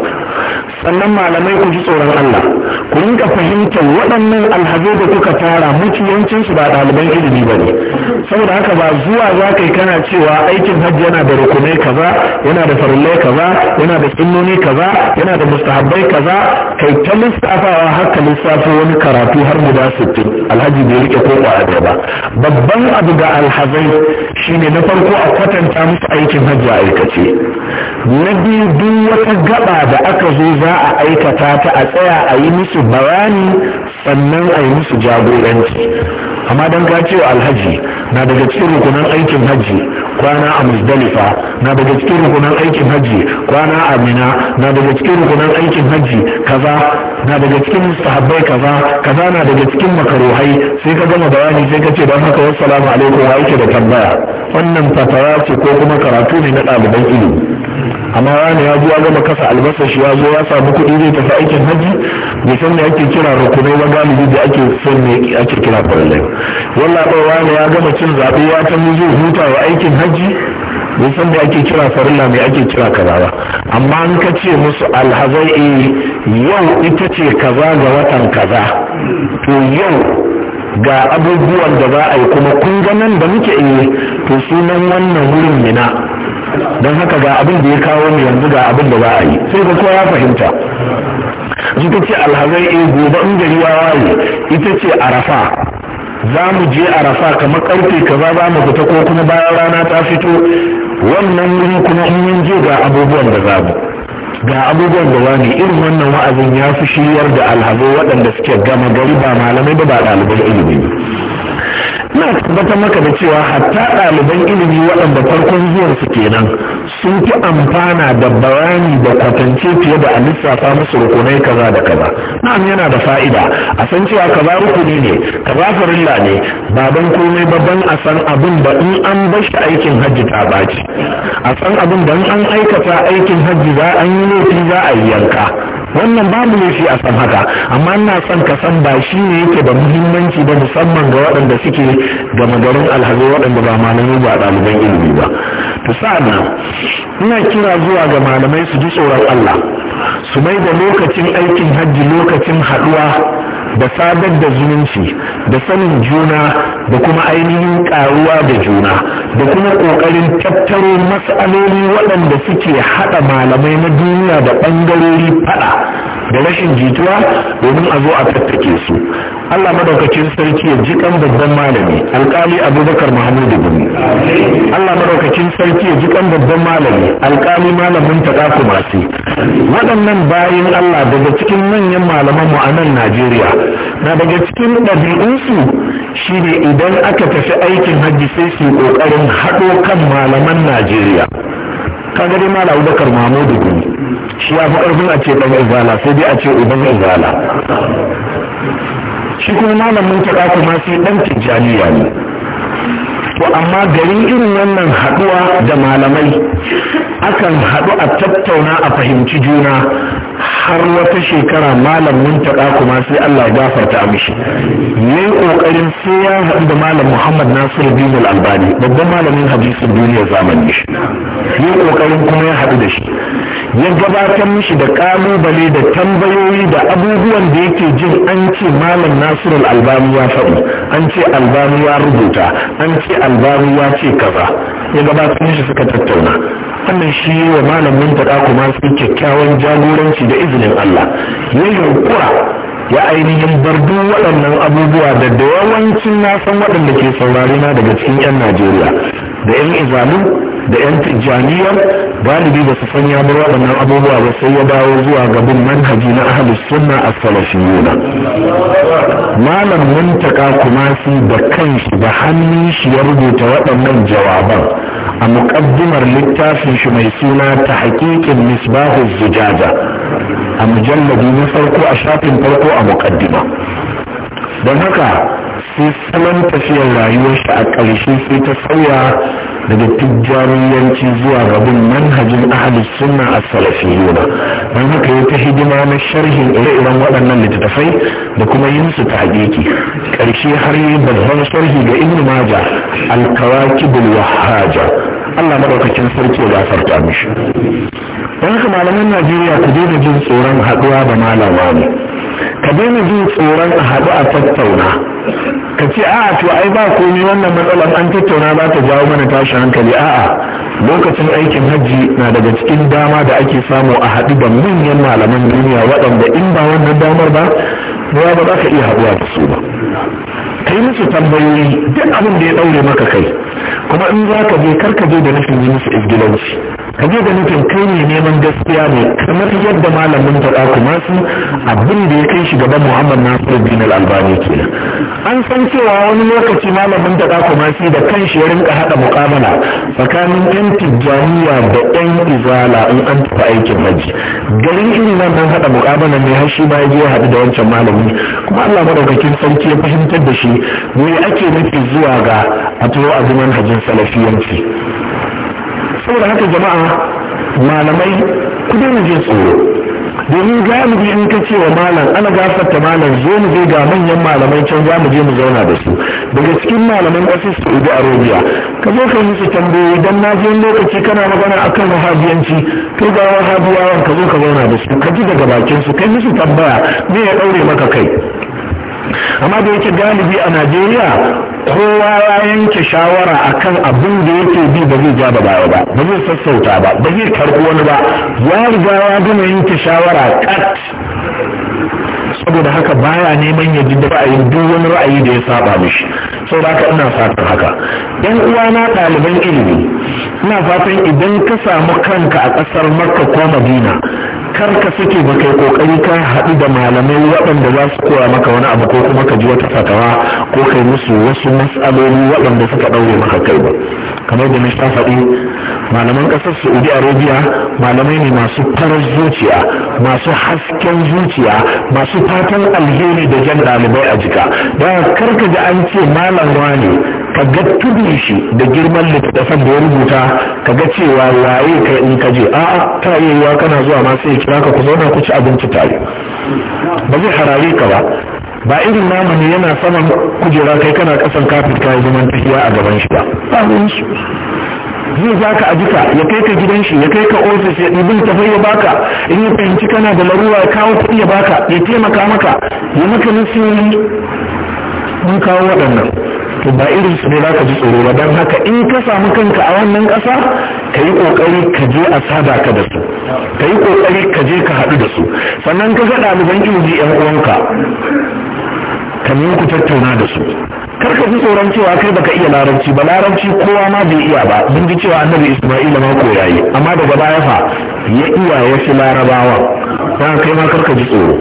sannan malamai ku ji tsoron Allah ku rinka fahimtar waɗannan alhazai da kuka tara mutuyancin su ba ɗaliban ilimi ba ne saboda haka ba zuwa za ka yi kana cewa aikin hajji yana da rukunai kaza yana da farillai kaza yana da sunnoni kaza yana da mustahabbai kaza kai ta lissafawa haka lissafo wani karatu har guda sittin alhaji bai rike ko kwaya ba babban abu ga alhazai shine na farko a kwatanta musu aikin hajji a aikace na biyu duk wata gaba da aka zo za a aikata ta a tsaya a yi musu bayani sannan a yi musu jagoranci amma don ka cewa alhaji na daga cikin rukunan aikin hajji kwana a musdalifa na daga cikin rukunan aikin hajji kwana a mina na daga cikin rukunan aikin hajji kaza na daga cikin sahabbai kaza kaza na daga cikin makaruhai sai ka gama bayani sai ka ce don haka wassalamu alaikum wa yake da tambaya wannan fatawa ce ko kuma karatu ne na ɗaliban ilimi amma wani ya zuwa gama kasa albasa shi ya zo ya samu kuɗi zai tafi aikin hajji bai san me ake kira rukunai ba galibi da ake son ne ake kira farallai wallah bai wani ya gama cin zaɓe ya ta mu zai huta wa aikin hajji bai san me ake kira farilla mai ake kira kaza ba amma an ka ce musu alhazai eh, yau ita ce kaza ga watan kaza to yau ga abubuwan da za a yi kuma kun nan da muke iya eh, to sunan wannan wurin mina don haka ga abin da ya kawo mu yanzu ga abin da za a yi sai ga kowa ya fahimta ita ce alhazai e gobe in gari ya waye ita ce arafa za mu je arafa kamar karfe kaza za mu fita ko kuma bayan rana ta fito wannan wuri kuma in mun je ga abubuwan da za mu ga abubuwan da wani irin wannan wa'azin ya fi shiryar da alhazai waɗanda suke gama gari ba malamai ba ba ɗalibai ilimi ne na tabbata maka da cewa hatta ɗaliban ilimi waɗanda farkon su kenan sun fi amfana da bayani da kwatance fiye da a lissafa musu rukunai kaza da kaza na'am yana da fa'ida a san cewa kaza rukuni ne kaza farilla ne ba komai ba ban a san abin da in an bashi aikin hajji ta baci a san abin da in an aikata aikin hajji za an yi laifi za a yi yanka wannan babu laifi a san haka amma ina son ka san ba shi ne yake da muhimmanci ba musamman ga waɗanda suke gama garin alhazo waɗanda ba malamai ba ɗaliban ilimi ba to sa'ana ina kira zuwa ga malamai su ji tsoron Allah su mai da lokacin aikin hajji lokacin haɗuwa da sadar da zumunci da sanin juna da kuma ainihin ƙaruwa da juna da kuma ƙoƙarin tattaro matsaloli waɗanda suke haɗa malamai na duniya da ɓangarori faɗa da rashin jituwa domin a zo a tattake su Allah madaukakin sarki ya ji kan babban malami alkali abubakar muhammadu gumi Allah madaukakin sarki ya ji kan babban malami alkali malamin ta kaku masu waɗannan bayan Allah daga cikin manyan malaman mu a nan Najeriya na daga cikin ɗabi'unsu ne idan aka tafi aikin hajji sai su ƙoƙarin haɗo kan malaman Najeriya kaga dai abubakar gumi shi ya fi ƙarfin a ce ɗan izala sai dai a ce uban izala shi kuma malamin ta ɗaka ma sai ɗan tijjaniya ne to amma garin irin wannan haɗuwa da malamai akan haɗu a tattauna a fahimci juna har wata shekara malam ta taɗa kuma sai Allah ya gafarta mishi ne ƙoƙarin sai ya haɗu da malam Muhammad Nasiru Bimal Albani babban malamin hadisin duniya zamani shi ne ƙoƙarin kuma ya haɗu da shi ya gabatar mishi da ƙalubale da tambayoyi da abubuwan da yake jin an ce malam Nasiru Albani ya faɗi an ce Albani ya rubuta an ce albari ya ce kaza ya gabatar shi suka tattauna wannan shi wa malamin faɗa kuma su kyakkyawan jagoranci da izinin Allah ya yunkura ya ainihin bardu waɗannan abubuwa da da yawancin nasan waɗanda ke saurari na daga cikin 'yan Najeriya da 'yan izalu da yan tijjaniya galibi ba su san ya bar waɗannan abubuwa ba sai ya dawo zuwa gabin manhaji na ahli sunna as-salafiyuna malam muntaka kumasi da kanshi da hannun shi ya rubuta waɗannan jawaban a muƙaddimar littafin shi mai suna ta hakikin misbahu zujaja a mujalladi na farko a shafin farko a muƙaddima don haka sai salon tafiyar rayuwar shi a ƙarshe sai ta sauya daga tijjaniyanci zuwa rabin manhajin ahli sunna a salafiyuna don haka ya ta hidima na sharhin ire-iren waɗannan littattafai da kuma yin su tahqiqi Ƙarshe har yi babban sharhi ga Ibn Maja al-kawakibul wahhaja Allah maɗaukacin sarki ya gafarta mishi don haka malaman Najeriya ku daina jin tsoron haɗuwa da malama ne ka daina jin tsoron a haɗu a tattauna ka ce a'a to ai ba komai wannan matsalar an tattauna ba ta jawo mana tashi hankali a'a lokacin aikin hajji na daga cikin dama da ake samu a haɗu da manyan malaman duniya waɗanda in ba wannan damar ba ba ba za ka iya haɗuwa da su ba ka yi musu tambayoyi duk abin da ya ɗaure maka kai kuma in za ka je kar ka je da nufin yi musu izgilanci kaje je da nufin kai ne neman gaskiya ne kamar yadda malamin faɗa kuma su abin da ya kai shi gaban muhammad nasiru bin albani kenan an san cewa wani lokaci malamin faɗa kuma su da kan shi ya rinka haɗa muƙamala tsakanin yan tijjaniya da yan izala in an tafi aikin haji garin irin nan wannan haɗa muƙamala ne har shi ma ya je ya haɗu da wancan malami kuma allah madaukakin sarki ya fahimtar da shi me ake nufi zuwa ga a turo a hajjin salafiyanci saboda haka jama'a malamai ku daina tsoro domin galibi in ka ce wa malam ana gafarta malam zo mu je ga manyan malamai can za mu je mu zauna da su daga cikin malaman ƙasar saudi arabia ka zo ka musu tambayoyi don na je lokaci kana magana akan wahabiyanci kai ga wahabiyawan ka zo ka zauna da su ka ji daga bakin su kai musu tambaya me ya ɗaure maka kai amma da yake galibi a najeriya kowa ya yanke shawara akan abin da yake bi ba zai ja ba baya ba ba zai sassauta ba ba zai karɓi wani ba ya riga ya gama yanke shawara kat saboda haka baya neman ya ji ra'ayin duk wani ra'ayi da ya saba mishi sau da haka ina fatan haka yan uwana ɗaliban ilimi ina fatan idan ka samu kanka a ƙasar makka ko madina kar ka sake ba kai kokari ka haɗu da malamai waɗanda za su koya maka wani abu ko kuma ka ji wata fatawa ko kai musu wasu matsaloli waɗanda suka ɗaure maka kai ba kamar da na faɗi malaman ƙasar saudi arabia malamai ne masu farar zuciya masu hasken zuciya masu fatan alheri da jan ɗalibai a jika don karka ji an ce malam wani ka ga tudun shi da girman littattafan da ya rubuta ka ga cewa waye ka in ka je a'a ta iya yiwa kana zuwa ma sai kira ka ku zauna ku ci abinci tare ba zai harare ka ba ba irin namu yana saman kujera kai kana kasan kafin ka yi zaman tafiya a gaban shi ba zai za ka a ya kai ka gidan shi ya kai ka ofis ya ɗibi tafai ya baka in ya fahimci kana da laruwa ya kawo kuɗi ya baka ya taimaka maka ya maka nasiyoyi mun kawo waɗannan to ba irin su ne za ka ji tsoro ba don haka in ka samu kanka a wannan ƙasa ka yi ƙoƙari ka je a sada ka da su ka yi ƙoƙari ka je ka haɗu da su sannan ka ga ɗaliban ilimi 'yan uwanka ka ku tattauna da su kar ka fi tsoron cewa kai baka iya larabci ba larabci kowa ma bai iya ba mun ji cewa annabi isma'ila ma koya yi amma daga baya fa ya iya wasu larabawa ba kai ma kar ka ji tsoro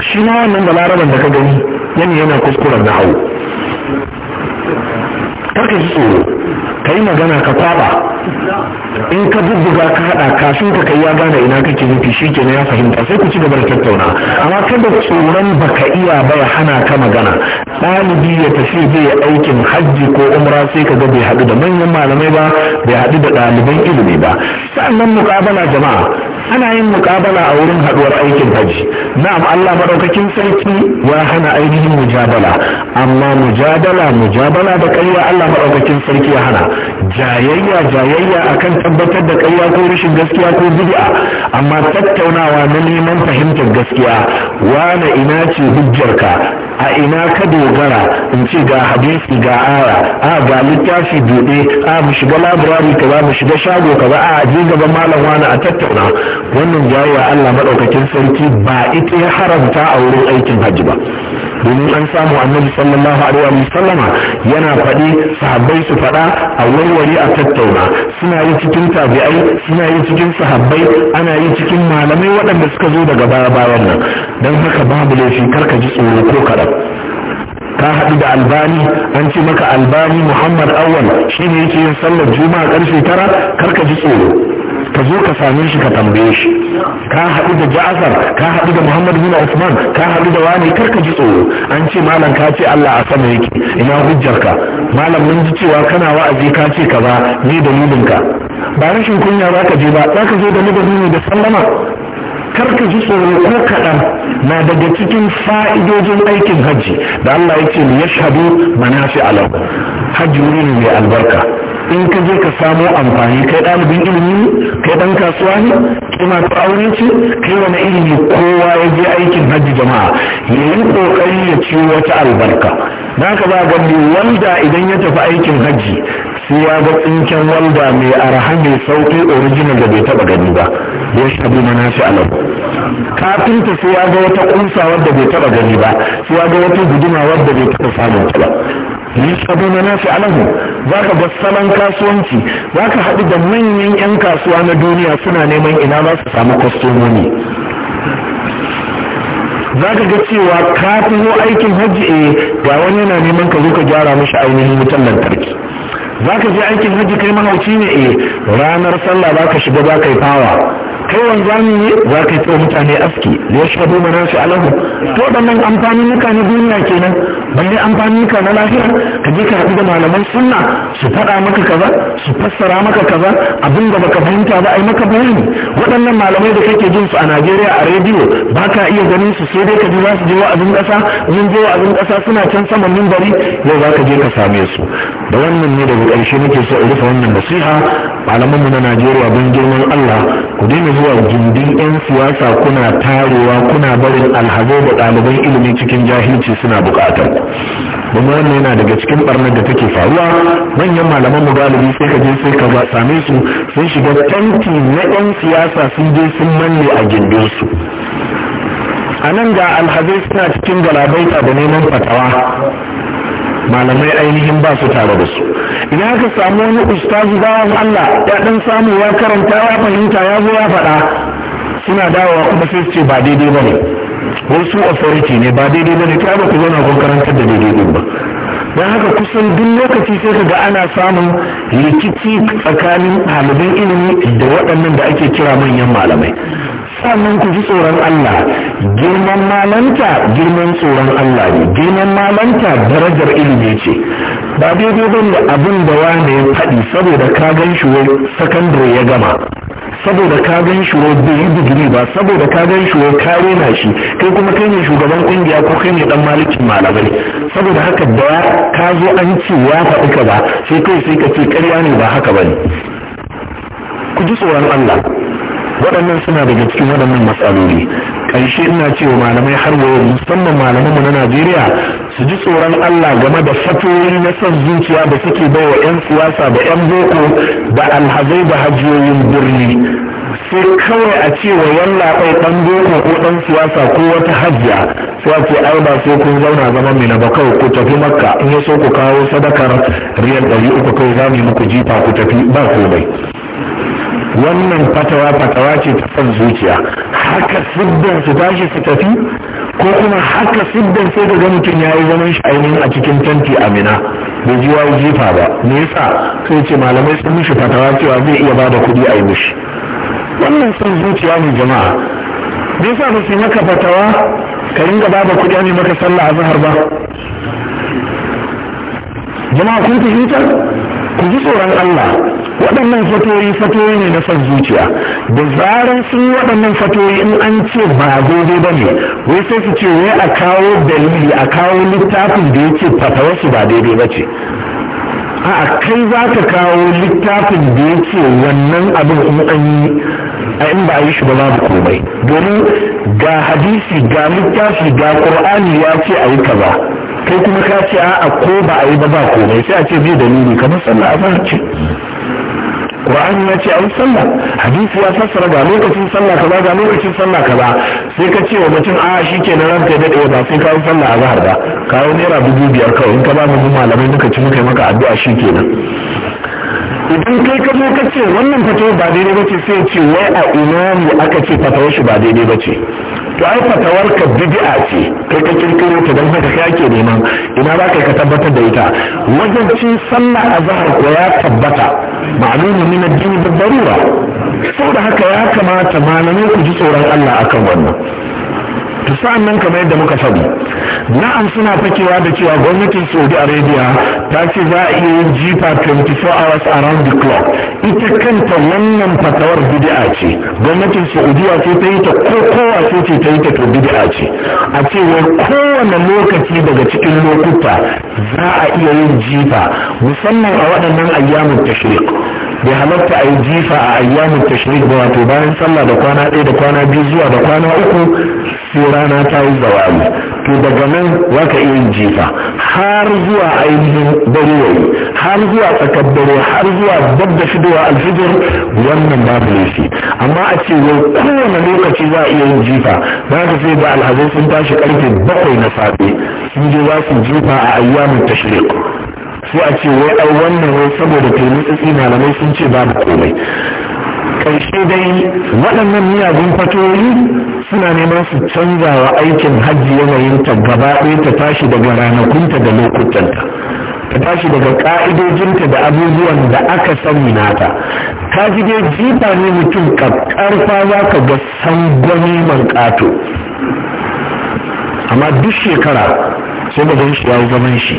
shi ma wannan da laraban da ka gani yana yana kuskuren na hau kar ka ji tsoro ka yi magana ka kwaba in ka bubbuga ka haɗa kafin ka kai ya gane ina kake nufi shi ke ya fahimta sai ku ci gaba da tattauna amma kada tsoron baka iya ba ya hana ka magana ɗalibi ya tafi zai aikin hajji ko umra sai ka ga bai haɗu da manyan malamai ba bai haɗu da ɗaliban ilimi ba sa'annan muƙabala jama'a ana yin muƙabala a wurin haɗuwar aikin hajji na'am Allah maɗaukakin sarki ya hana ainihin mujabala amma mujadala mujabala da ƙarya Allah maɗaukakin sarki ya hana jayayya jayayya akan tabbatar da ƙarya ko rashin gaskiya ko bid'a amma tattaunawa na neman fahimtar gaskiya wane ina ce hujjarka a ina ka dogara in ce ga hadisi ga Ara, a ga littafi buɗe a mu shiga ka kaza mu shiga shago kaza a je gaban malam wani a tattauna wannan jawo Allah maɗaukakin sarki ba ita ya haramta a wurin aikin hajji ba domin an samu annabi sallallahu alaihi wa sallama yana faɗi sahabbai su faɗa a warware a tattauna suna yi cikin tabi'ai suna yi cikin sahabbai ana yi cikin malamai waɗanda suka zo daga baya bayan nan don haka babu laifi karka ji tsoro ko kaɗan ka haɗu da albani an ce maka albani muhammad awal shine yake yin sallar juma'a ƙarfe tara karka ji tsoro ka zo ka same shi ka tambaye shi ka haɗu da ja'afar ka haɗu da muhammad bin usman ka haɗu da wani kar ka ji tsoro an ce malam ka ce allah a sama yake ina hujjar ka malam mun ji cewa kana wa'azi ka ce kaza ne dalilin ka ba rashin kunya za ka je ba za ka zo da ne da sallama ka ji tsoro ko kaɗan na daga cikin fa'idojin aikin hajji da Allah ya ce mu yashhadu manafi alam. hajji wuri ne mai albarka in ka je ka samo amfani kai ɗalibin ilimi kai ɗan kasuwa ne kai masu aure ce kai wani ilimi kowa ya je aikin hajji jama'a ya yi ƙoƙari ya ci wata albarka na ka ba ga wanda walda idan ya tafi aikin hajji sai ya ga tsinken walda mai arha mai sauƙi original da bai taɓa gani ba ya shabu mana shi alamu kafinta sai ya ga wata kunsa wadda bai taba gani ba sai ya ga wata guduma wadda bai taba samun ta ba na nafi alahu zaka ga salon kasuwanci zaka haɗu da manyan yan kasuwa na duniya suna neman ina za su samu kwastomomi za ka ga cewa kafin taho aikin hajji eh ga wani yana neman ka zo ka gyara mashi ainihin wutan lantarki za ka je aikin hajji kai mahauci ne eh ranar sallah za ka shiga za ka yi fawa kai wanzami ne za ka yi mutane aski da ya na mana su alahu to waɗannan amfanin nuka na duniya kenan balle amfanin muka na lafiya ka je ka haɗu da malaman sunna su faɗa maka kaza su fassara maka kaza abin da baka fahimta ba a yi maka bayani waɗannan malamai da kake jin su a Najeriya a rediyo ba ka iya ganin su sai dai ka ji za su je wa'azin ƙasa mun je wa'azin ƙasa suna can saman mimbari yau za ka je ka same su da wannan ne daga ƙarshe nake so in rufe wannan nasiha malaman mu na Najeriya don girman Allah ku daina zuwa gindin 'yan siyasa kuna tarewa kuna barin alhazo da ɗaliban ilimi cikin jahilci suna buƙatar kuma wannan yana daga cikin barnar da take faruwa manyan malaman mu galibi sai ka je sai ka same su sun shiga tanti na 'yan siyasa siyasa sun je sun manne a gindinsu a nan ga alhazai suna cikin galabaita da neman fatawa malamai ainihin ba su tare da su idan aka samu wani ustazu bawan Allah ya dan samu ya karanta ya fahimta ya zo ya faɗa suna dawowa kuma sai su ce ba daidai bane wasu authority ne ba daidai bane ta ba ku zauna kun karantar da daidai ba don haka kusan duk lokaci sai ga ana samun rikici tsakanin ɗaliban ilimi da waɗannan da ake kira manyan malamai sannan ku ji tsoron Allah girman malanta girman tsoron Allah ne girman malanta darajar ilimi ce ba daidai ban da abin da wane ya faɗi saboda ka gan shi wai sakandare ya gama saboda ka gan shi bai yi digiri ba saboda ka gan shi wa kare na shi kai kuma kai ne shugaban kungiya ko kai ne dan malikin malamai saboda haka da ka zo an ce ya faɗi ka ba sai kai sai ka ce ƙarya ne ba haka bane ku ji tsoron Allah waɗannan suna daga cikin waɗannan matsaloli ƙarshe ina cewa malamai har wayo musamman malamanmu na najeriya su ji tsoron allah game da fatoyi na son zuciya da suke bai wa 'yan siyasa da 'yan boko da alhazai da hajiyoyin birni sai kawai a ce wa yalla bai dan boko ko dan siyasa ko wata su a ce ai ba sai kun zauna zama mai na bakau ku tafi makka in ya so ku kawo sadakar riyal ɗari uku kai za mu muku jifa ku tafi ba komai wannan fatawa fatawa ce ta son zuciya haka siddan su tashi su tafi ko kuma haka siddan sai ga mutum ya yi zaman shi ainihin a cikin tanti amina bai ji wayi jifa ba me yasa sai ce malamai sun mishi fatawa cewa zai iya bada kuɗi a yi mishi wannan son zuciya ne jama'a me yasa ba su maka fatawa ka ringa bada kuɗi a maka sallah a zahar ba jama'a kun fahimta ku ji tsoron Allah waɗannan fatoyi fatoyi ne na son zuciya da zaran sun waɗannan fatoyi in an ce ba daidai ba ne wai sai su ce wai a kawo dalili a kawo littafin da ya ce fatawarsu ba daidai ba ce a kai za ka kawo littafin da yake wannan abin in an yi a in ba a yi shi ba babu komai domin ga hadisi ga littafi ga ƙur'ani ya ce a yi kaza kai kuma ka ce a ko ba a yi ba ba komai sai a ce bai dalili kamar sallah a fara ce Qur'ani ya ce a sallah hadisi ya fassara ga lokacin sallah kaza ga lokacin sallah kaza sai ka ce wa mutum a shi ke na ranka daɗe ba sai kawo sallah a zahar ba kawo naira dubu biyar kawai in ka ba mu malamai duka ci muka yi maka addu'a shi kenan idan kai ka zo ka ce wannan fatawa ba daidai ba ce sai ce wai a imamu aka ce fatawar shi ba daidai ba ce to ai fatawar ka bid'a ce kai ka kirkiro ta dan haka kai ake neman ina za ka tabbatar da ita wajen ci sallah azhar ko ya tabbata ma'lumun min ad-din bi darura saboda haka ya kamata malamai ku ji tsoron Allah akan wannan to sa'an nan kamar yadda muka faɗi na'am suna fakewa da cewa gwamnatin saudi arabia ta ce za a iya yin jifa 24 hours around the clock ita kanta wannan fatawar bid'a ce gwamnatin saudiya ce ta yi ta ko kowa ce ce ta yi ta to bid'a ce a ce wai kowane lokaci daga cikin lokuta za a iya yin jifa musamman a waɗannan ayyamin tashrik bai halatta a yi jifa a ayyamin tashrik ba wato bayan sallah da kwana ɗaya da kwana biyu zuwa da kwana uku sai rana ta yi zawali to daga nan za ka iya yin jifa har zuwa ainihin dare yayi har zuwa tsakar dare har zuwa dab da fidowa alfijir wannan babu laifi amma a ce yau kowane lokaci za a iya yin jifa za ka sai da alhazai sun tashi karfe bakwai na safe sun je za su jifa a ayyamin tashrik su a ce wai ɗau wannan wai saboda taimitsatsi malamai sun ce da komai ƙarshe dai waɗannan miyagun fatoyi suna neman su canza wa aikin hajji yanayin ta gaba ɗaya ta tashi daga ranakunta da lokutanta ta tashi daga ƙa'idojinta da abubuwan da aka sani nata ka ji dai jifa ne mutum ƙaƙƙar ƙarfa za ka ga sangwani man ƙato amma duk shekara sai da shi ya yi zaman shi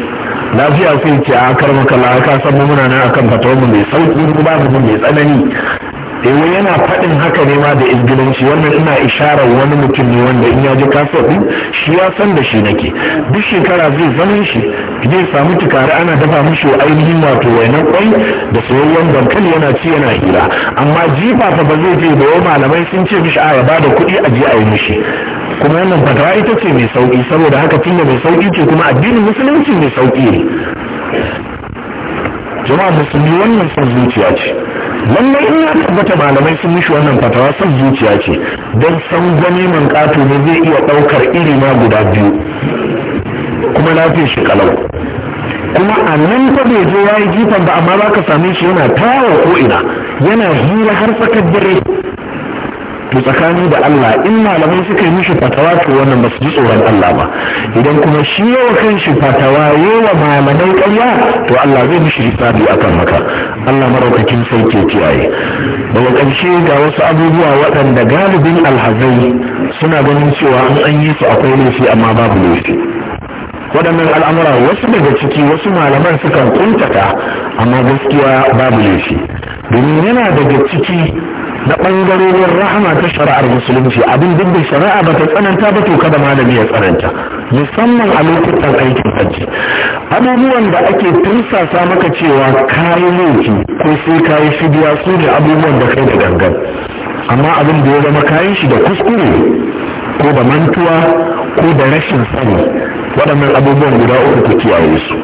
lafiya sai ke a ah, kar maka la ka san muna nan akan fatawa mai sauki ba mu mai tsanani eh yana faɗin haka ne ma da izgilanci wannan ina isharar wani mutum ne wanda in ya ji kasuwa shi ya san da shi nake duk shekara zai zama shi zai samu tukari ana dafa mishi ainihin wato wainan kwai da soyayyen dankali yana ci yana hira amma jifa fa ba zai je da malamai sun ce mishi a ah, ya bada kuɗi a je a yi mishi kuma wannan fatawa ita ce mai sauki saboda haka tunda mai sauki ce kuma addinin musulunci mai sauki ne jama'a musulmi wannan son zuciya ce lallai in ya tabbata malamai sun mishi wannan fatawa son zuciya ce don san gwani man kato ne zai iya ɗaukar iri na guda biyu kuma lafiyar shi kalau kuma a nan ta bai je ya yi jifan ba amma za ka same shi yana tawa ko ina yana hira har tsakar dare to tsakani da Allah in malamai suka yi mishi fatawa to wannan ba su ji tsoron Allah ba idan kuma shi yawa kan shi fatawa yawa malamai ƙarya to Allah zai mishi hisabi akan haka Allah maraukakin ke kiyaye daga ƙarshe ga wasu abubuwa waɗanda galibin alhazai suna ganin cewa an an yi su akwai laifi amma babu laifi waɗannan al'amura wasu daga ciki wasu malaman sukan kuntata amma gaskiya babu laifi domin yana daga ciki na ɓangarorin rahama ta shari'ar musulunci abin duk da shari'a ba ta tsananta ba to kada malami ya tsananta musamman a lokutan aikin hajji abubuwan da ake tursasa maka cewa kayi laifi ko sai kayi fidiya su ne abubuwan da kai da gangan amma abin da ya zama kayan shi da kuskure ko da mantuwa ko da rashin sani waɗannan abubuwan guda uku ku kiyaye su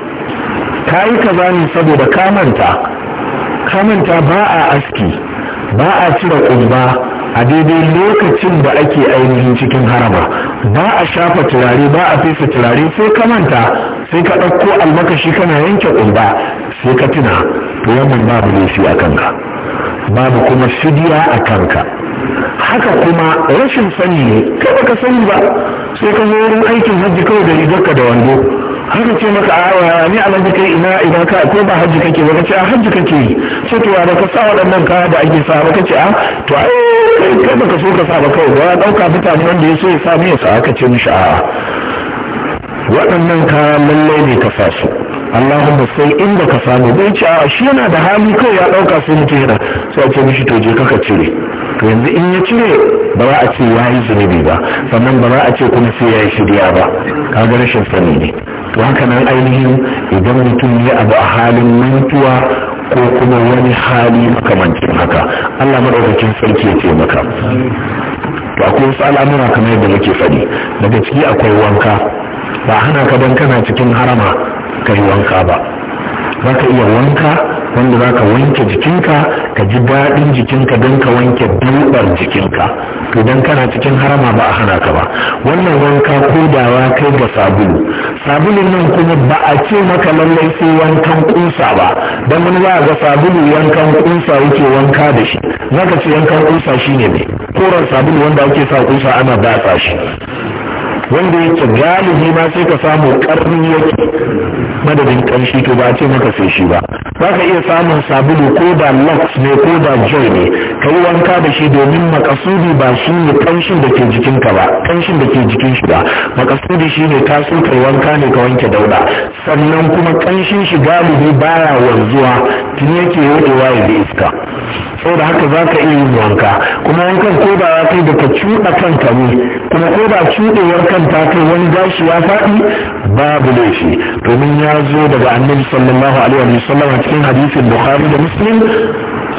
kayi kaza saboda kamanta kamanta ba a aski ba a cire ƙumba a daidai lokacin da ake ainihin cikin haraba ba a shafa turare ba a fesa turare sai ka manta sai ka ɗauko almakashi kana yanke ƙumba sai ka tuna to wannan babu laifi a kanka babu kuma shidiya a kanka haka kuma rashin sani ne kai baka sani ba sai ka zo wurin aikin hajji kawai da rigarka da wando haka ce maka a ni a nan kai ina idan ka ko ba hajji kake ba kace a hajji kake yi ce to ya baka sa waɗannan kaya da ake sa ba kace a to ai kai baka so ka sa ba kawai ba dauka mutane wanda ya so ya sa ya sa aka ce mishi a waɗannan kaya lallai ne ka sa su Allahumma sai in baka samu bai ce a shi yana da hali kawai ya dauka sai mutum yana sai ce mishi to je kaka cire to yanzu in ya cire ba za a ce ya yi zunubi ba sannan ba za a ce kuma sai ya yi shirya ba kaga rashin sani ne to ainihin idan mutum ya abu a halin mantuwa ko kuma wani hali makamancin haka allah maɗaukakin sarki ya taimaka to akwai wasu al'amura kamar yadda muke faɗi daga ciki akwai wanka ba hana ka don kana cikin harama ka yi wanka ba za ka iya wanka wanda za ka wanke jikinka ka ji daɗin jikinka don ka wanke dubar jikinka to don kana cikin harama ba a hana ka ba wannan wanka kodawa kai ga sabulu sabulu nan kuma ba a ce maka lallai sai wankan kusa ba don wani za a ga sabulu wankan kusa yake wanka da shi za ka ce wankan kusa shine ne koren sabulu wanda ake sa kusa ana batsa shi wanda yake galibi ma sai ka samu karni yake madadin kanshi to ba a ce maka sai shi ba za ka iya samun sabulu ko da lux ne ko da joy ne ka wanka da shi domin makasudi ba shi ne kanshin da ke jikinka ba kanshin da ke jikin shi ba makasudi shi ne ka so ka wanka ne ka wanke dauda sannan kuma kanshin shi galibi baya wanzuwa tun yake yodewa ya bi iska saboda haka za ka iya yin wanka kuma wankan ko ba ya kai da ka cuɗa kanka ne kuma ko ba cuɗewar kanta kai wani gashi ya faɗi babu laifi domin ya zo daga annabi sallallahu alaihi wa sallam a cikin hadisin bukhari da muslim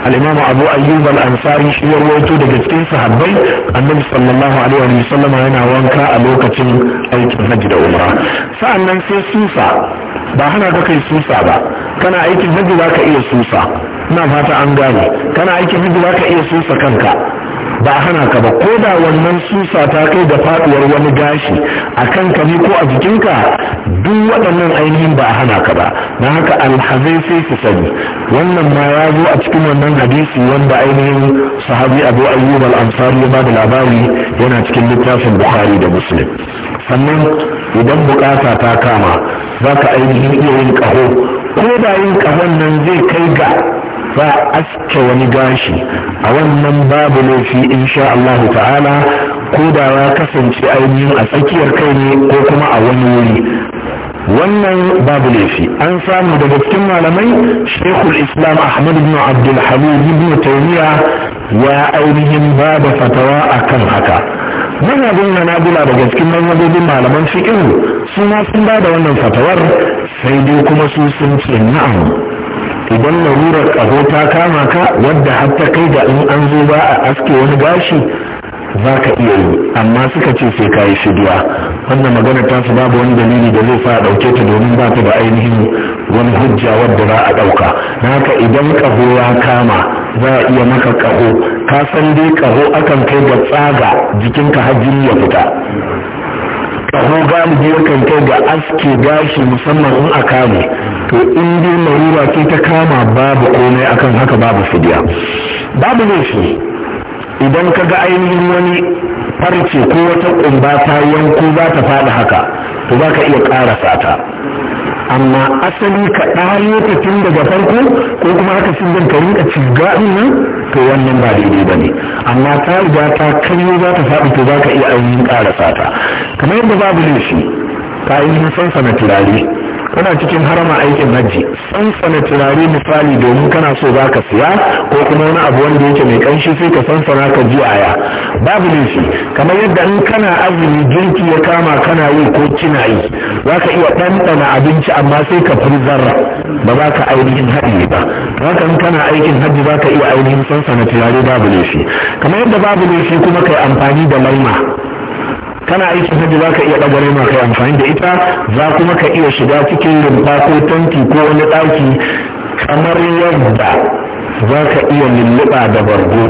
al abu ayyub al-ansari shi wato daga cikin sahabbai annabi sallallahu alaihi wa sallam yana wanka a lokacin aikin da umra sa'annan sai susa ba hana ka kai susa ba kana aikin hajji za ka iya susa ina fata an gane kana aikin hajji za ka iya susa kanka ba a hana ka ba ko da wannan susa ta kai da faduwar wani gashi a kan ka ne ko a jikinka duk waɗannan ainihin ba a hana ka ba na haka alhazai sai su sani wannan ma ya zo a cikin wannan hadisi wanda ainihin sahabi abu ayyub al-ansari ya bada labari yana cikin littafin bukhari da muslim sannan idan bukata ta kama za ka ainihin iya yin kaho ko da yin kahon nan zai kai ga ba aske wani gashi a wannan babu laifi sha Allah ta'ala ko da ya kasance ainihin a tsakiyar kai ne ko kuma a wani wuri wannan babu laifi an samu daga cikin malamai shekul islam ahmad bin abdul hamid bin taymiya ya ainihin ba da fatawa akan haka mazhabin na nabila daga cikin mazhabobin malaman fiqh su ma sun ba da wannan fatawar sai dai kuma su sun ce na'am idan larurar ƙaho ta kama ka wadda har ta kai da in an zo ba a aske wani gashi za ka iya yi amma suka ce sai ka yi shidiya wannan magana ta su babu wani dalili da zai sa ɗauke ta domin ba ta da ainihin wani hujja wadda za a ɗauka haka idan ƙaho ya kama za a iya maka ƙaho ka san dai ƙaho akan kai ga tsaga jikinka har jini ya fita kaho galibi yakan kai ga aske gashi musamman in a kame to in dai larura ce ta kama babu komai akan haka babu fidiya babu shi idan ka ga ainihin wani farce ko wata kumba ta yanko za ta faɗi haka to za ka iya ƙarasa ta amma asali ka ɗaya ta tun daga farko ko kuma aka sun zan ka rinka ciga nan to wannan ba daidai ba ne amma ta riga ta kanyo za ta faɗi to za ka iya ainihin ƙara sata kamar yadda babu laifi ka yi nisan sana turare kana cikin harama aikin hajji sansana turare misali domin kana so za ka siya ko kuma wani abu wanda yake mai kanshi sai ka sansana ka ji aya babu laifi kamar yadda in kana azumi girki ya kama kana yi ko kina yi za ka iya ɗanɗana abinci amma sai ka fi zarra ba za ka ainihin haɗiye ba haka in kana aikin hajji za ka iya ainihin sansana turare babu laifi kamar yadda babu laifi kuma ka yi amfani da laima kana aikin hajji za ka iya ɗagare ma kai amfani da ita za kuma ka iya shiga cikin rumfa ko tanki ko wani ɗaki kamar yadda za ka iya lulluɓa da bargo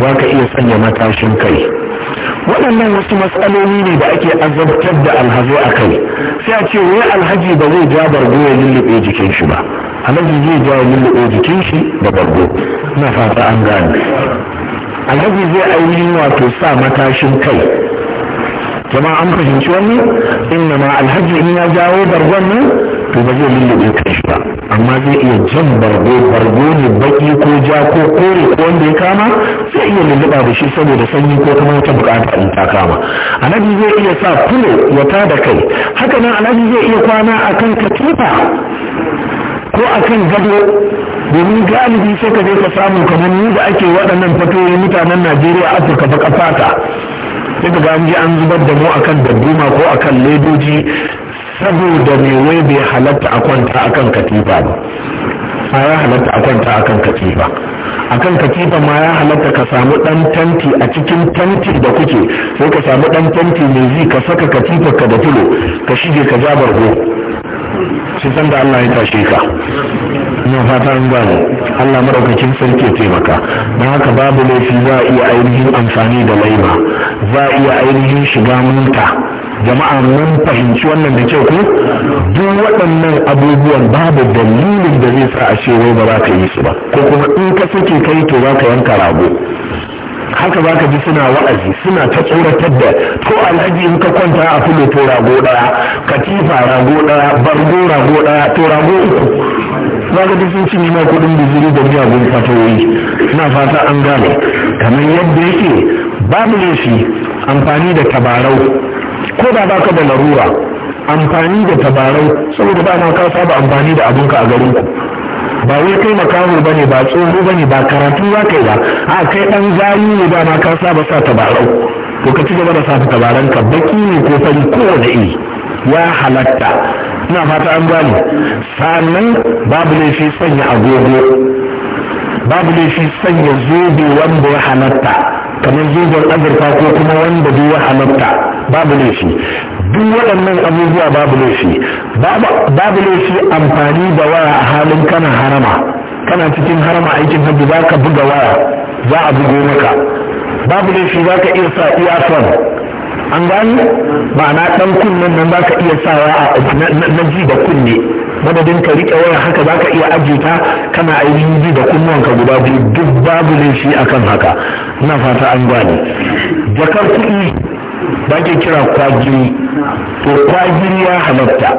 za ka iya sanya matashin kai waɗannan wasu matsaloli ne da ake azabtar da alhazai a kai sai a ce wai alhaji ba zai ja bargo ya lullube jikin shi ba alhaji zai ja ya lullube jikin shi da bargo na fata an gane alhaji zai ainihin wato sa matashin kai Zama an fahimci wannan inna ma alhaji in ya jawo bargon nan to ba zai lullube kai shi ba amma zai iya jan bargo bargo ne baki ko ja ko kore ko wanda ya kama zai iya lulluba da shi saboda sanyi ko kuma wata bukata in ta kama alhaji zai iya sa fulo ya tada kai haka nan alhaji zai iya kwana akan katifa ko akan gado domin galibi sai ka je ka samu kamar ni da ake waɗannan fatoyin mutanen najeriya afirka baka fata sai ga an ji an zubar da mu akan dabbuma ko akan ledoji saboda me wai bai halatta a kwanta akan katifa ba a ya halatta a kwanta akan katifa akan katifa ma ya halatta ka samu dan tanti a cikin tanti da kuke sai ka samu dan tanti mai zi ka saka katifa ka da tulo ka shige ka ja bargo sai san da Allah ya tashe ka ina fata an gane Allah madaukakin sarki ya taimaka don haka babu laifi za a iya ainihin amfani da laima za a iya ainihin shiga munta jama'a mun fahimci wannan da kyau ko duk waɗannan abubuwan babu dalilin da zai sa a ce wai ba za ka yi su ba ko kuma in ka sake kai to za ka yanka rago haka za ka ji suna wa'azi suna ta tsoratar da ko alhaji in ka kwanta a fulo to rago daya katifa rago daya bargo rago daya to rago uku za ka ji sun ci ma kudin biziri da miyagun fatoyi suna fata an gane kamar yadda yake babu laifi amfani da tabarau ko da baka da larura amfani da tabarau saboda ba na ka saba amfani da abinka a garinku ba wai kai makaho bane ba tsoro bane ba karatu za kai ba a kai dan zayi ne ba ma ka saba sa tabarau to ka ci gaba da sa tabaran ka baki ne ko fari kowane iri ya halatta ina fata an gane sannan babu laifi sanya agogo babu laifi sanya zobe wanda ya halatta kamar zoben azurfa ko kuma wanda duk ya halatta babu laifi duk waɗannan abubuwa babu laifi babu laifi amfani da waya a halin kana harama kana cikin harama aikin hajji za ka buga waya za a bugo maka babu laifi za ka iya sa iyafon an gani ma'ana ɗan kunnen nan ka iya sawa na ji da kunne madadin ka rike waya haka ka iya ajuta kana ainihin ji da kunnuwanka guda biyu duk babu laifi akan haka ina fata an gani jakar kuɗi ba ke kira kwagiri to kwagiri ya halatta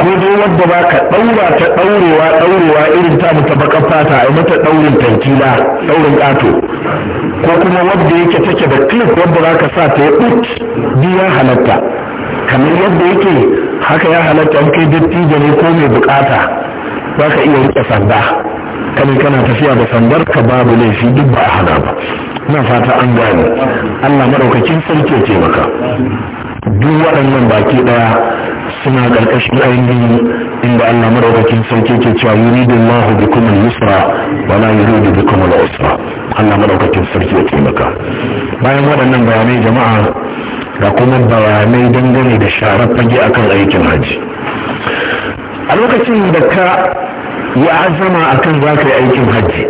ko dai wadda ba ka ɗaura ta ɗaurewa ɗaurewa irin ta mu ta baka fata a mata ɗaurin tankila ɗaurin ƙato ko kuma wadda yake take da clip wadda za ka sa ta yi ut duk ya halatta kamar yadda yake haka ya halatta in kai dattijo ne ko mai bukata za ka iya riƙe sanda hankali kana tafiya da sandar ka babu laifi duk ba a hana ba ina fata an gane allah maɗaukakin sarki ya taimaka duk waɗannan baki ɗaya suna ƙarƙashin ainihin inda Allah maɗaukacin sarki ke cewa yuridu Allahu bikum al-yusra wa la yuridu bikum al-usra Allah madaukakin sarki ya taimaka bayan waɗannan bayanai jama'a da kuma bayanai dangane da sharar fage akan aikin haji a lokacin da ka yi azama akan za ka yi aikin hajji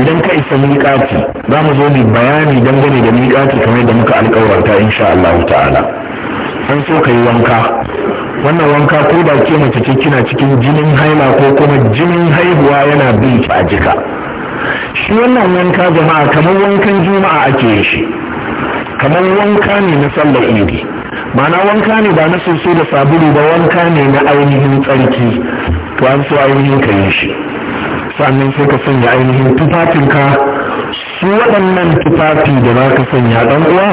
idan ka isa miƙati za mu zo mu bayani dangane da miƙati kamar da muka alƙawarta insha Allah ta'ala an so ka yi wanka wannan wanka ko da ke mace ce kina cikin jinin haila ko kuma jinin haihuwa yana bin ki a jika shi wannan wanka jama'a kamar wankan juma'a ake shi kamar wanka ne na sallar idi ma'ana wanka ne ba na soso da sabulu ba wanka ne na ainihin tsarki to an so ainihin ka yi shi sannan sai ka sanya ainihin tufafinka su waɗannan tufafi da za ka sanya ɗan uwa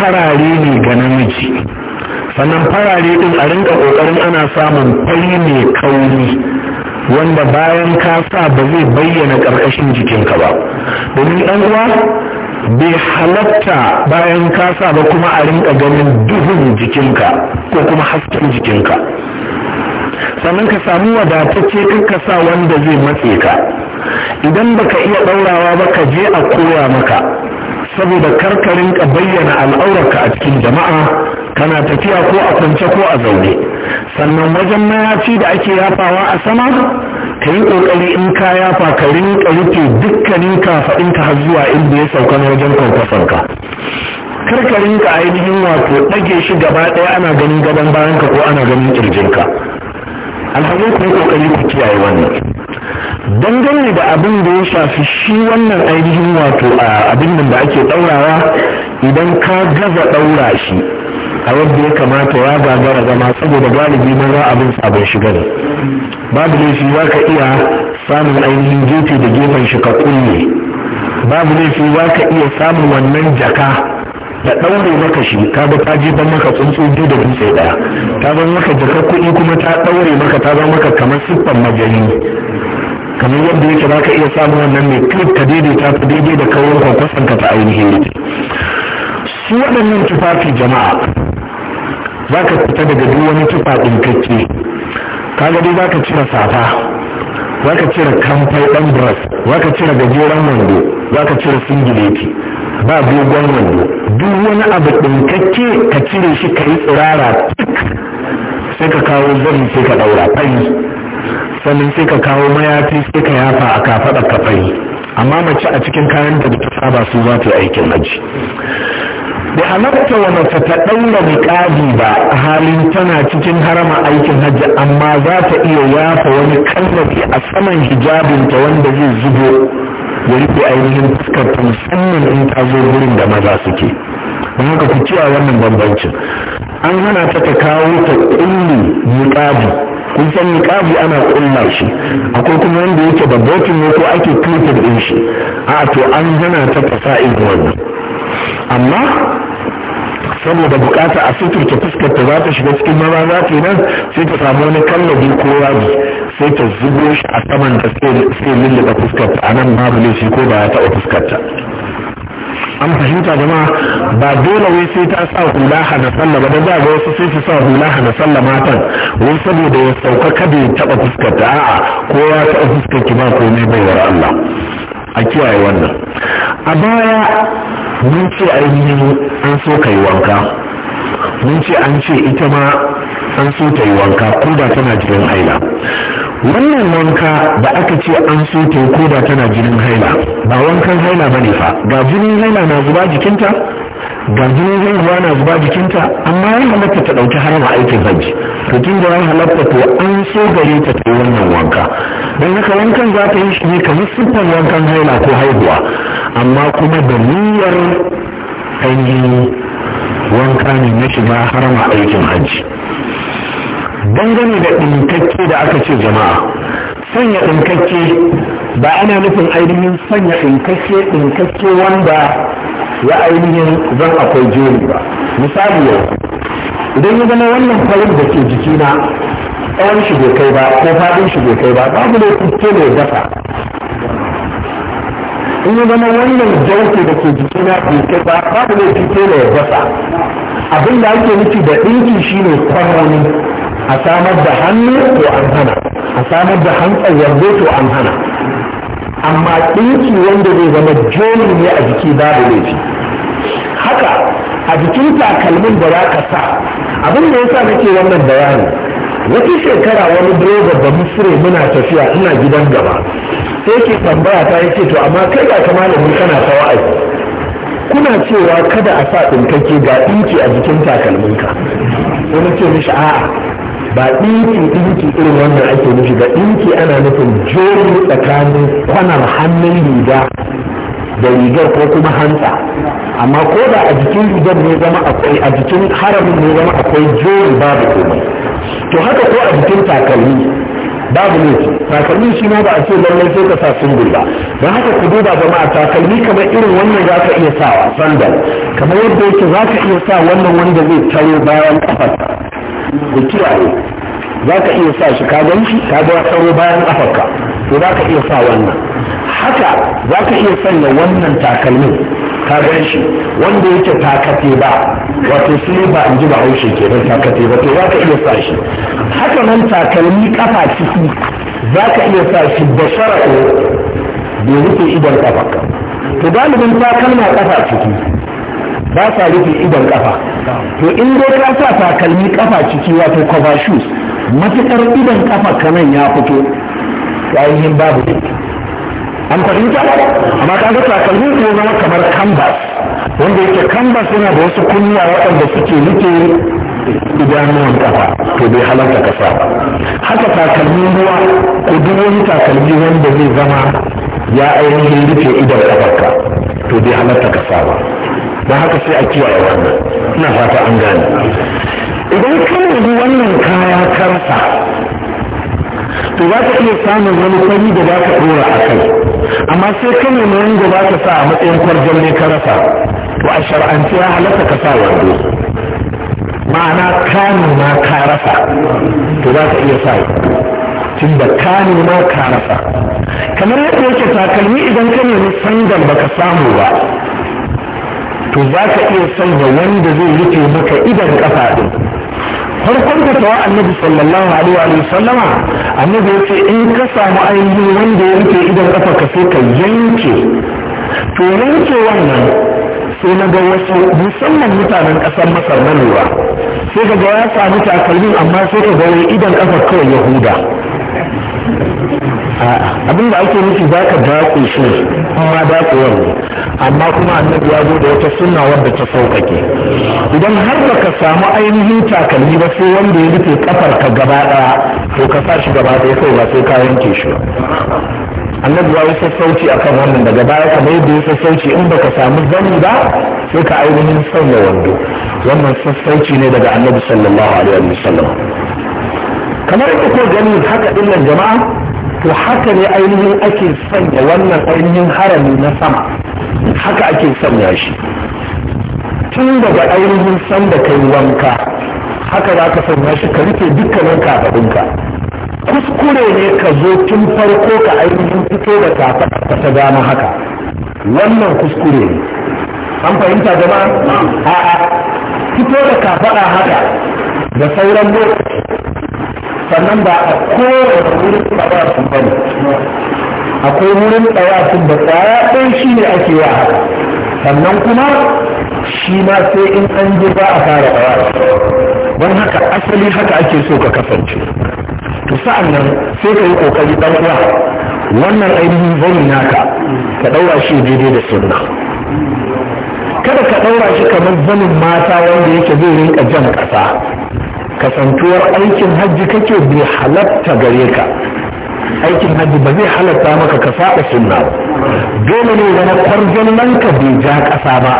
farare ne ga namiji sannan farare ɗin a rinka ƙoƙarin ana samun fari mai kauri wanda bayan ka sa ba zai bayyana ƙarƙashin jikinka ba domin ɗan uwa bai halatta bayan ka sa ba kuma a rinka ganin duhun jikinka ko kuma hasken jikinka sannan ka samu wadatacce kan ka sa wanda zai matse ka idan baka iya ɗaurawa ba ka je a koya maka saboda karkarin ka bayyana al'aurarka a cikin jama'a kana tafiya ko a kwance ko a zaune sannan wajen mayafi da ake yafawa a sama ka yi ƙoƙari in ka yafa ka rinka rufe dukkanin ka har zuwa inda ya sauka na wajen ka karkarin ka ainihin wato ɗage shi gaba ɗaya ana ganin gaban bayanka ko ana ganin ƙirjin ka alhamdulillah ne kokari ku kiyaye wannan dangane da abin da ya shafi shi wannan ainihin wato a abin nan da ake daurawa idan ka gaza ɗaura shi a wadda ya kamata ya gagara zama saboda galibi na maza abin sabon shiga ne babu laifi za ka iya samun ainihin gefe da gefen shi ka kulle babu laifi za ka iya samun wannan jaka ta ɗaure maka shi ta ga ta jefan maka tsuntsu biyu da dutse ɗaya ta zama maka jakar kuɗi kuma ta ɗaure maka ta zama maka kamar siffan majani kamar yadda yake za ka iya samun wannan mai kirk ka daidaita ta daidai da kawon kwakwasan ka ta ainihin rike su waɗannan tufafi jama'a za ka fita daga duk wani tufa ɗinkakke ka ga dai za ka cire safa za ka cire kamfai ɗan bras za ka cire gajeren wando za ka cire singileti ba dogon wani duk wani abu ɗinkakke ka cire shi ka yi tsirara sai ka kawo zan sai ka ɗaura Fai sannan sai ka kawo mayafi sai ka yafa a kafaɗa ka fari amma mace a cikin kayan da ta saba su za ta yi aikin haji da halatta wa mace ta ɗaura niƙadi ba a halin tana cikin harama aikin haji amma za ta iya yafa wani kallafi a saman hijabinta wanda zai zubo ya rufe ainihin fuskar ta musamman in ta zo gurin da maza suke don haka ku kiyaye wannan bambancin an hana ta ta kawo ta kulli niqabi kun san niqabi ana kulla shi akwai kuma wanda yake da botin ne ko ake clipper din shi a to an hana ta ta sa wannan amma saboda bukata a suturta fuskar ta za ta shiga cikin maza za ta yi nan sai ta samu wani kallabi ko rabi sai ta zubo shi a saman da sai lullube fuskar ta a nan babu laifi ko ba ya taɓa fuskar ta an fahimta ma ba dole wai sai ta sa hula hana sallah ba da za ga wasu sai su sa hula hana sallah matan wai saboda ya sauka kada ya taɓa fuskar ta a'a ko ya taɓa fuskar ki ba komai baiwar Allah a kiyaye wannan a baya mun ce ainihin an so ka yi wanka mun ce an ce ita ma an so ta yi wanka ko da tana jirin haila wannan wanka da aka ce an so ta yi ko da tana jirin haila ba wankan haila ba ne fa ga jirin haila na zuba jikinta ga jinin haihuwa na zuba jikinta amma ya halatta ta ɗauki harama aikin hajji to tun da ya halatta to an so gare ta ta yi wannan wanka don haka wankan za ka yi shi ne kamar siffar wankan haila ko haihuwa amma kuma da niyyar ainihin wanka ne na shiga harama aikin hajji dangane da ɗinkakke da aka ce jama'a sanya ɗinkakke ba ana nufin ainihin sanya ɗinkakke ɗinkakke wanda ya ainihin zan akwai jeri ba misali yau idan ya zama wannan farin da ke jikina Ƴan shi bai kai ba ko faɗin shi bai kai ba babu da kuke mai dafa in yi zama wannan jauke da ke jikina bai kai ba babu da kuke mai dafa abin da ake nufi da ɗinki ne kwanoni a samar da hannu ko an hana a samar da hantsar yarda ko an hana amma ɗinki wanda zai zama joli ne a jiki babu laifi haka a jikin takalmin da za ka sa abin da ya sa nake wannan bayani wata shekara wani direba da misre muna tafiya ina gidan gaba sai ke tambaya ta yake to amma kai ba ta malamin kana ta wa'azi kuna cewa kada a sa ɗinkakke ga ɗinki a jikin takalminka wani ce mishi a'a ba ɗinki ɗinki irin wannan ake nufi ga ɗinki ana nufin jori tsakanin kwanar hannun riga da rigar ko kuma hanta amma ko da a jikin rigar ne zama akwai a jikin haramin ne zama akwai jori babu komai to haka ko a jikin takalmi babu laifi takalmi shi ma ba a ce lallai sai ka sa sungul ba don haka ku duba jama'a takalmi kamar irin wannan za ka iya sawa sandal kamar yadda yake za ka iya sa wannan wanda zai taro bayan kafar ku kiyaye za ka iya sa shi ka gan shi ka ga taro bayan kafarka to za ka iya sa wannan haka za ka iya sanya wannan takalmin ka gan shi wanda yake takate ba wato suni ba in ji ba haushe ke nan takate ba to za ka iya sa shi haka nan takalmi kafa ciki za ka iya sa shi da sharaɗo bai rufe idon kafa to galibin takalma kafa ciki ba sa rufe idon kafa to in dai ka sa takalmi kafa ciki wato cover shoes matuƙar idon kafa kanan ya fito ainihin babu an fahimta amma ka ga takalmi ko zama kamar canvas wanda yake canvas yana da wasu kunya waɗanda suke rike idanuwan kafa to bai halarta kasa ba haka takalmin ruwa ko duk wani takalmi wanda zai zama ya ainihin rufe idan kafarka to bai halarta kasa ba don haka sai a kiyaye wannan ina fata an gane idan ka yanzu wannan kaya karsa to za ka iya samun wani fari da za ka dora a kai amma sai ka nemi wanda za ka sa a matsayin kwarjan ne ka rasa to a shar'ance ya halatta ka sa wando ma'ana ka nuna ka rasa to za ka iya sa tun da ka nuna ka rasa kamar yadda yake takalmi idan ka nemi sandal baka samu ba to za ka iya sanya wanda zai rufe maka idan kafa ɗin farkon da tawa annabi sallallahu alaihi wa sallama annabi ya ce in ka samu ainihi wanda ya rike idan kafa ka sai ka yanke to yanke wannan sai na ga wasu musamman mutanen ƙasar masar na sai ka ga ya samu takalmin amma sai ka ga idan kafa kawai yahuda abinda ake nufi za ka daƙe shi Kuma dakuwar ne amma kuma annabi ya zo da wata sunna wanda ta sauƙaƙe idan har baka samu ainihin takalmi ba sai wanda ya rufe kafar ka gaba daya to ka sa shi gaba daya kai ba sai ka yanke shi ba annabi ya yi sassauci akan wannan daga baya kamar yadda ya sassauci in baka samu zani ba sai ka ainihin sanya wando wannan sassauci ne daga annabi sallallahu alaihi wasallam kamar yadda ko gani haka dinnan jama'a to haka ne ainihin ake sanya wannan ainihin harami na sama haka ake sanya shi tun daga ainihin sanda kai wanka haka za ka sanya shi ka rufe dukkanin kafaɗinka kuskure ne ka zo tun farko ka ainihin fito da kafaɗa ta dama haka wannan kuskure ne an fahimta jama'a a'a fito da kafaɗa haka da sauran lokaci sannan ba a kowane wurin tsawafin ba ne akwai wurin tsawafin da tsaya ɗaya shi ne ake wa sannan kuma shi ma sai in an je ba a fara tsawafi don haka asali haka ake so ka kasance to sa'an nan sai ka yi kokari ɗan uwa wannan ainihin zani naka ka ɗaura shi daidai da sunna kada ka ɗaura shi kamar zanin mata wanda yake zai rinka jan ƙasa kasantuwar aikin hajji kake bai halatta gare ka aikin hajji ba zai halatta maka ka saba sunna dole ne zama kwarjan nan ka bai ja ƙasa ba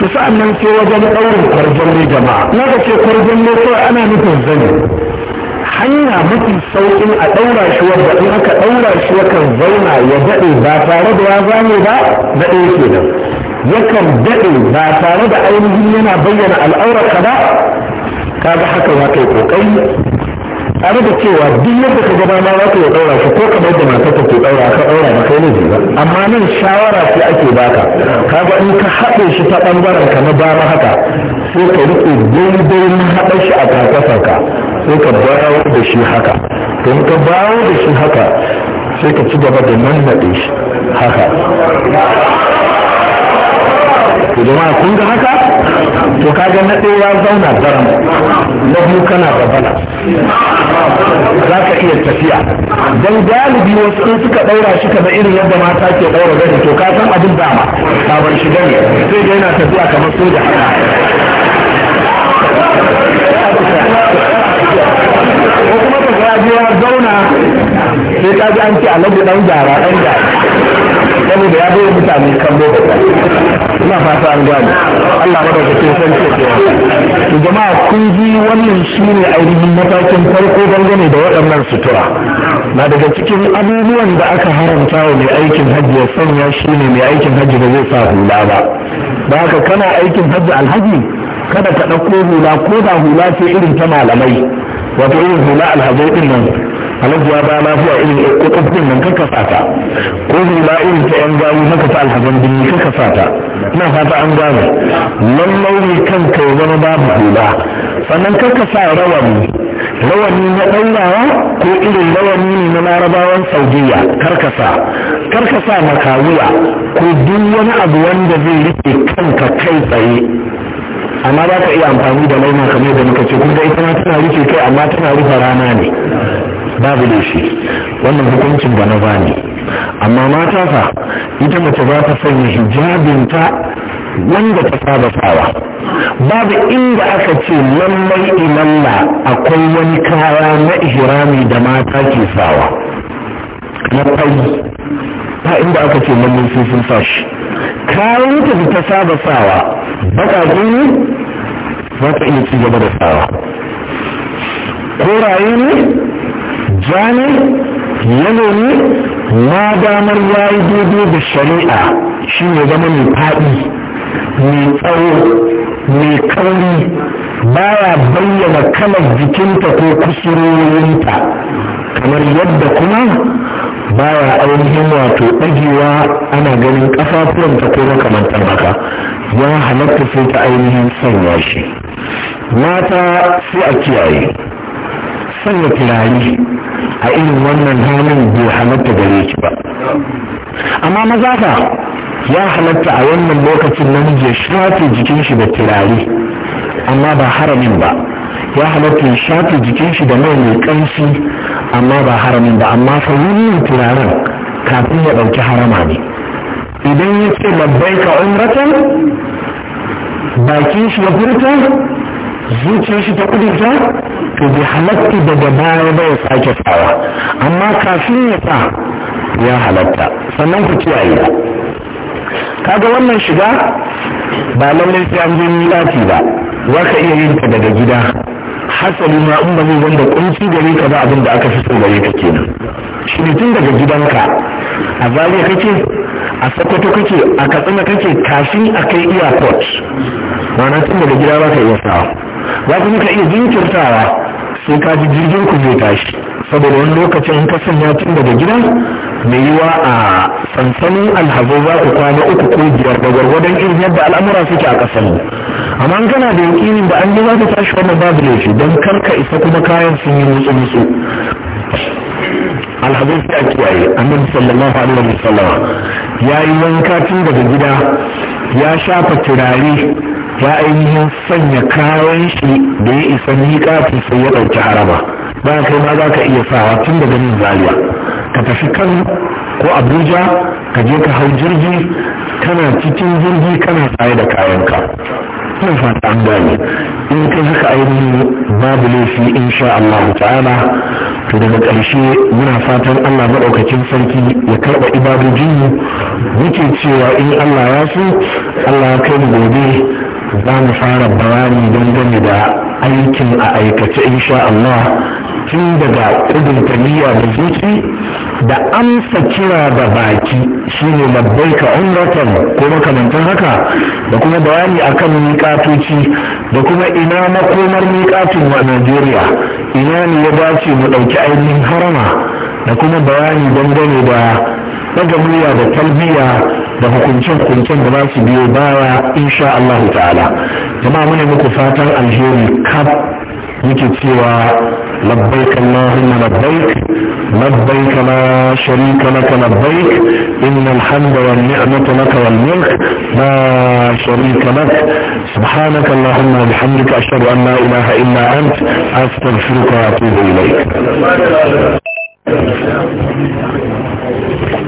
to sa'an nan sai wajen ɗaurin kwarjan ne jama'a na ka ce kwarjan ne kawai ana nufin zani hanya mafi sauƙin a ɗaura shi wadda in aka ɗaura shi yakan zauna ya daɗe ba tare da ya zame ba daɗe kenan yakan daɗe ba tare da ainihin yana bayyana al'aurarka ba Ka ga haka za ka yi kokari a da cewa duk yadda ka gaba ma za ka yi ɗaura shi ko ka bai da matar ka ke ɗaura ka ɗaura ba kai ne ba amma nan shawara sai ake baka kaga in ka haɗe shi ta ɓangaren ka na dama haka sai ka riƙe daidai na haɗa shi a ka sai ka bawo da shi haka don ka bawo da shi haka sai ka ci gaba da nannaɗe shi haka jama'a kun ga haka to kaga na ɗaya ya zauna daram na biyu kana bala za ka iya tafiya don galibi wasu in suka ɗaura shi kamar irin yadda mata ke ɗaura gani to ka san abin dama sabon shi gani sai dai yana tafiya kamar soja haka ya je zauna sai ka ji an ce alhaji dan gyara dan gyara saboda ya bai mutane kan lokaci ina fata an gane Allah madaukakin sarki ya ce jama'a kun ji wannan shine ainihin matakin farko dangane da waɗannan sutura na daga cikin abubuwan da aka haramta wa mai aikin hajji ya sanya shine mai aikin hajji ba zai sa hula ba da haka kana aikin hajji alhaji kada ka ɗauko hula ko da hula ce irin ta malamai wato irin hula alhazai din nan alhaji ya ba lafiya irin kokos din nan kanka sata ko hula irin ta yan gawo haka ta alhazan dinni kanka sata ina fata an gane lallai ne kanka ya zama babu hula sannan kanka sa rawani rawani na ɗaurawa ko irin rawani ne na larabawan saudiya karkasa karkasa makawuya ko duk wani abu wanda zai rike kanka kai tsaye amma ba ka iya amfani da laima kamar da muka ce kun ita ma tana rufe kai amma tana rufe rana ne babu da shi wannan hukuncin bana na ba ne amma mata fa ita mace ba ta sanya ta wanda ta saba sawa babu inda aka ce lallai imalla akwai wani kaya na ihrami da mata ke sawa na fari ba inda aka ce lallai sai sun sa kayan ta ta saba sawa baka ne za ta iya cigaba da sawa koraye ne ja ne ne ma damar yayi daidai da shari'a shi ne zama mai faɗi mai tsawo mai kauri baya bayyana kalar jikinta ko kusurorinta kamar yadda kuma baya ainihin wato ɗagewa ana ganin ƙafafuwanta ko makamantar haka ya halatta sai ta ainihin sanya shi mata sai a kiyaye sanya turare a irin wannan halin bai halatta gare ki ba amma maza ka ya halatta a wannan lokacin namiji ya shafe jikin shi da turare amma ba haramin ba ya halatta shafi jikin shi da mai mai kanshi amma ba haramin ba amma fa wannan turaren kafin ya ɗauki harama ne idan ya ce babbai ka umratan bakin shi ya furta zuciyar shi ta kudurta to bai halatta daga baya ba ya sake sawa amma kafin ya sa ya halatta sannan ku kiyaye kaga wannan shiga ba lallai sai an je milaki ba za ka iya yin ta daga gida hasali ma in ba zai wanda kunci gare ka ba abin da aka fi so gare ka kenan shi ne tun daga gidanka a zariya kake a sokoto kake a katsina kake kafin a kai airport ma'ana tun daga gida ba ka iya sawa za ku ka iya jinkirtawa sai ka ji jirgin ku zai tashi saboda wani lokacin in ka sanya tun daga gida mai yiwa a sansanin alhazo za ku kwana uku ko biyar da gwargwadon irin yadda al'amura suke a ƙasar mu amma in kana da yakinin da an yi za ka tashi wannan babu laifi don kar ka isa kuma kayan sun yi musu musu alhazin sai a kiyaye annabi sallallahu alaihi wa ya yi wanka tun daga gida ya shafa turare ya ainihin sanya kayan shi da ya isa miƙa sai ya ɗauki haraba bayan kai ma za ka iya sawa tun da ganin Zariya? ka tafi kan ko abuja ka je ka hau jirgi kana cikin jirgi kana tsaye da kayanka ina fata an gane in ka haka ainihin babu laifi in sha Allah ta'ala to daga ƙarshe muna fatan Allah maɗaukakin sarki ya karɓa ibadojinmu muke cewa in Allah ya so Allah ya kai mu gobe za mu fara bayani dangane da aikin a aikace insha Allah tun daga kudin taliya da zuci da amsa kira da baki shine ka umratan ko makamantan haka da kuma bayani akan miƙatoci da kuma ina makomar miƙatun wa Najeriya ina ne ya dace mu ɗauki ainihin harama da kuma bayani dangane da daga murya da talbiya da hukuncin-hukuncin da ba su biyo baya insha Allah ta'ala jama'a muna لبيك اللهم لبيك لبيك لا شريك لك لبيك ان الحمد والنعمه لك والملك لا شريك لك سبحانك اللهم وبحمدك اشهد ان لا اله الا انت استغفرك واتوب اليك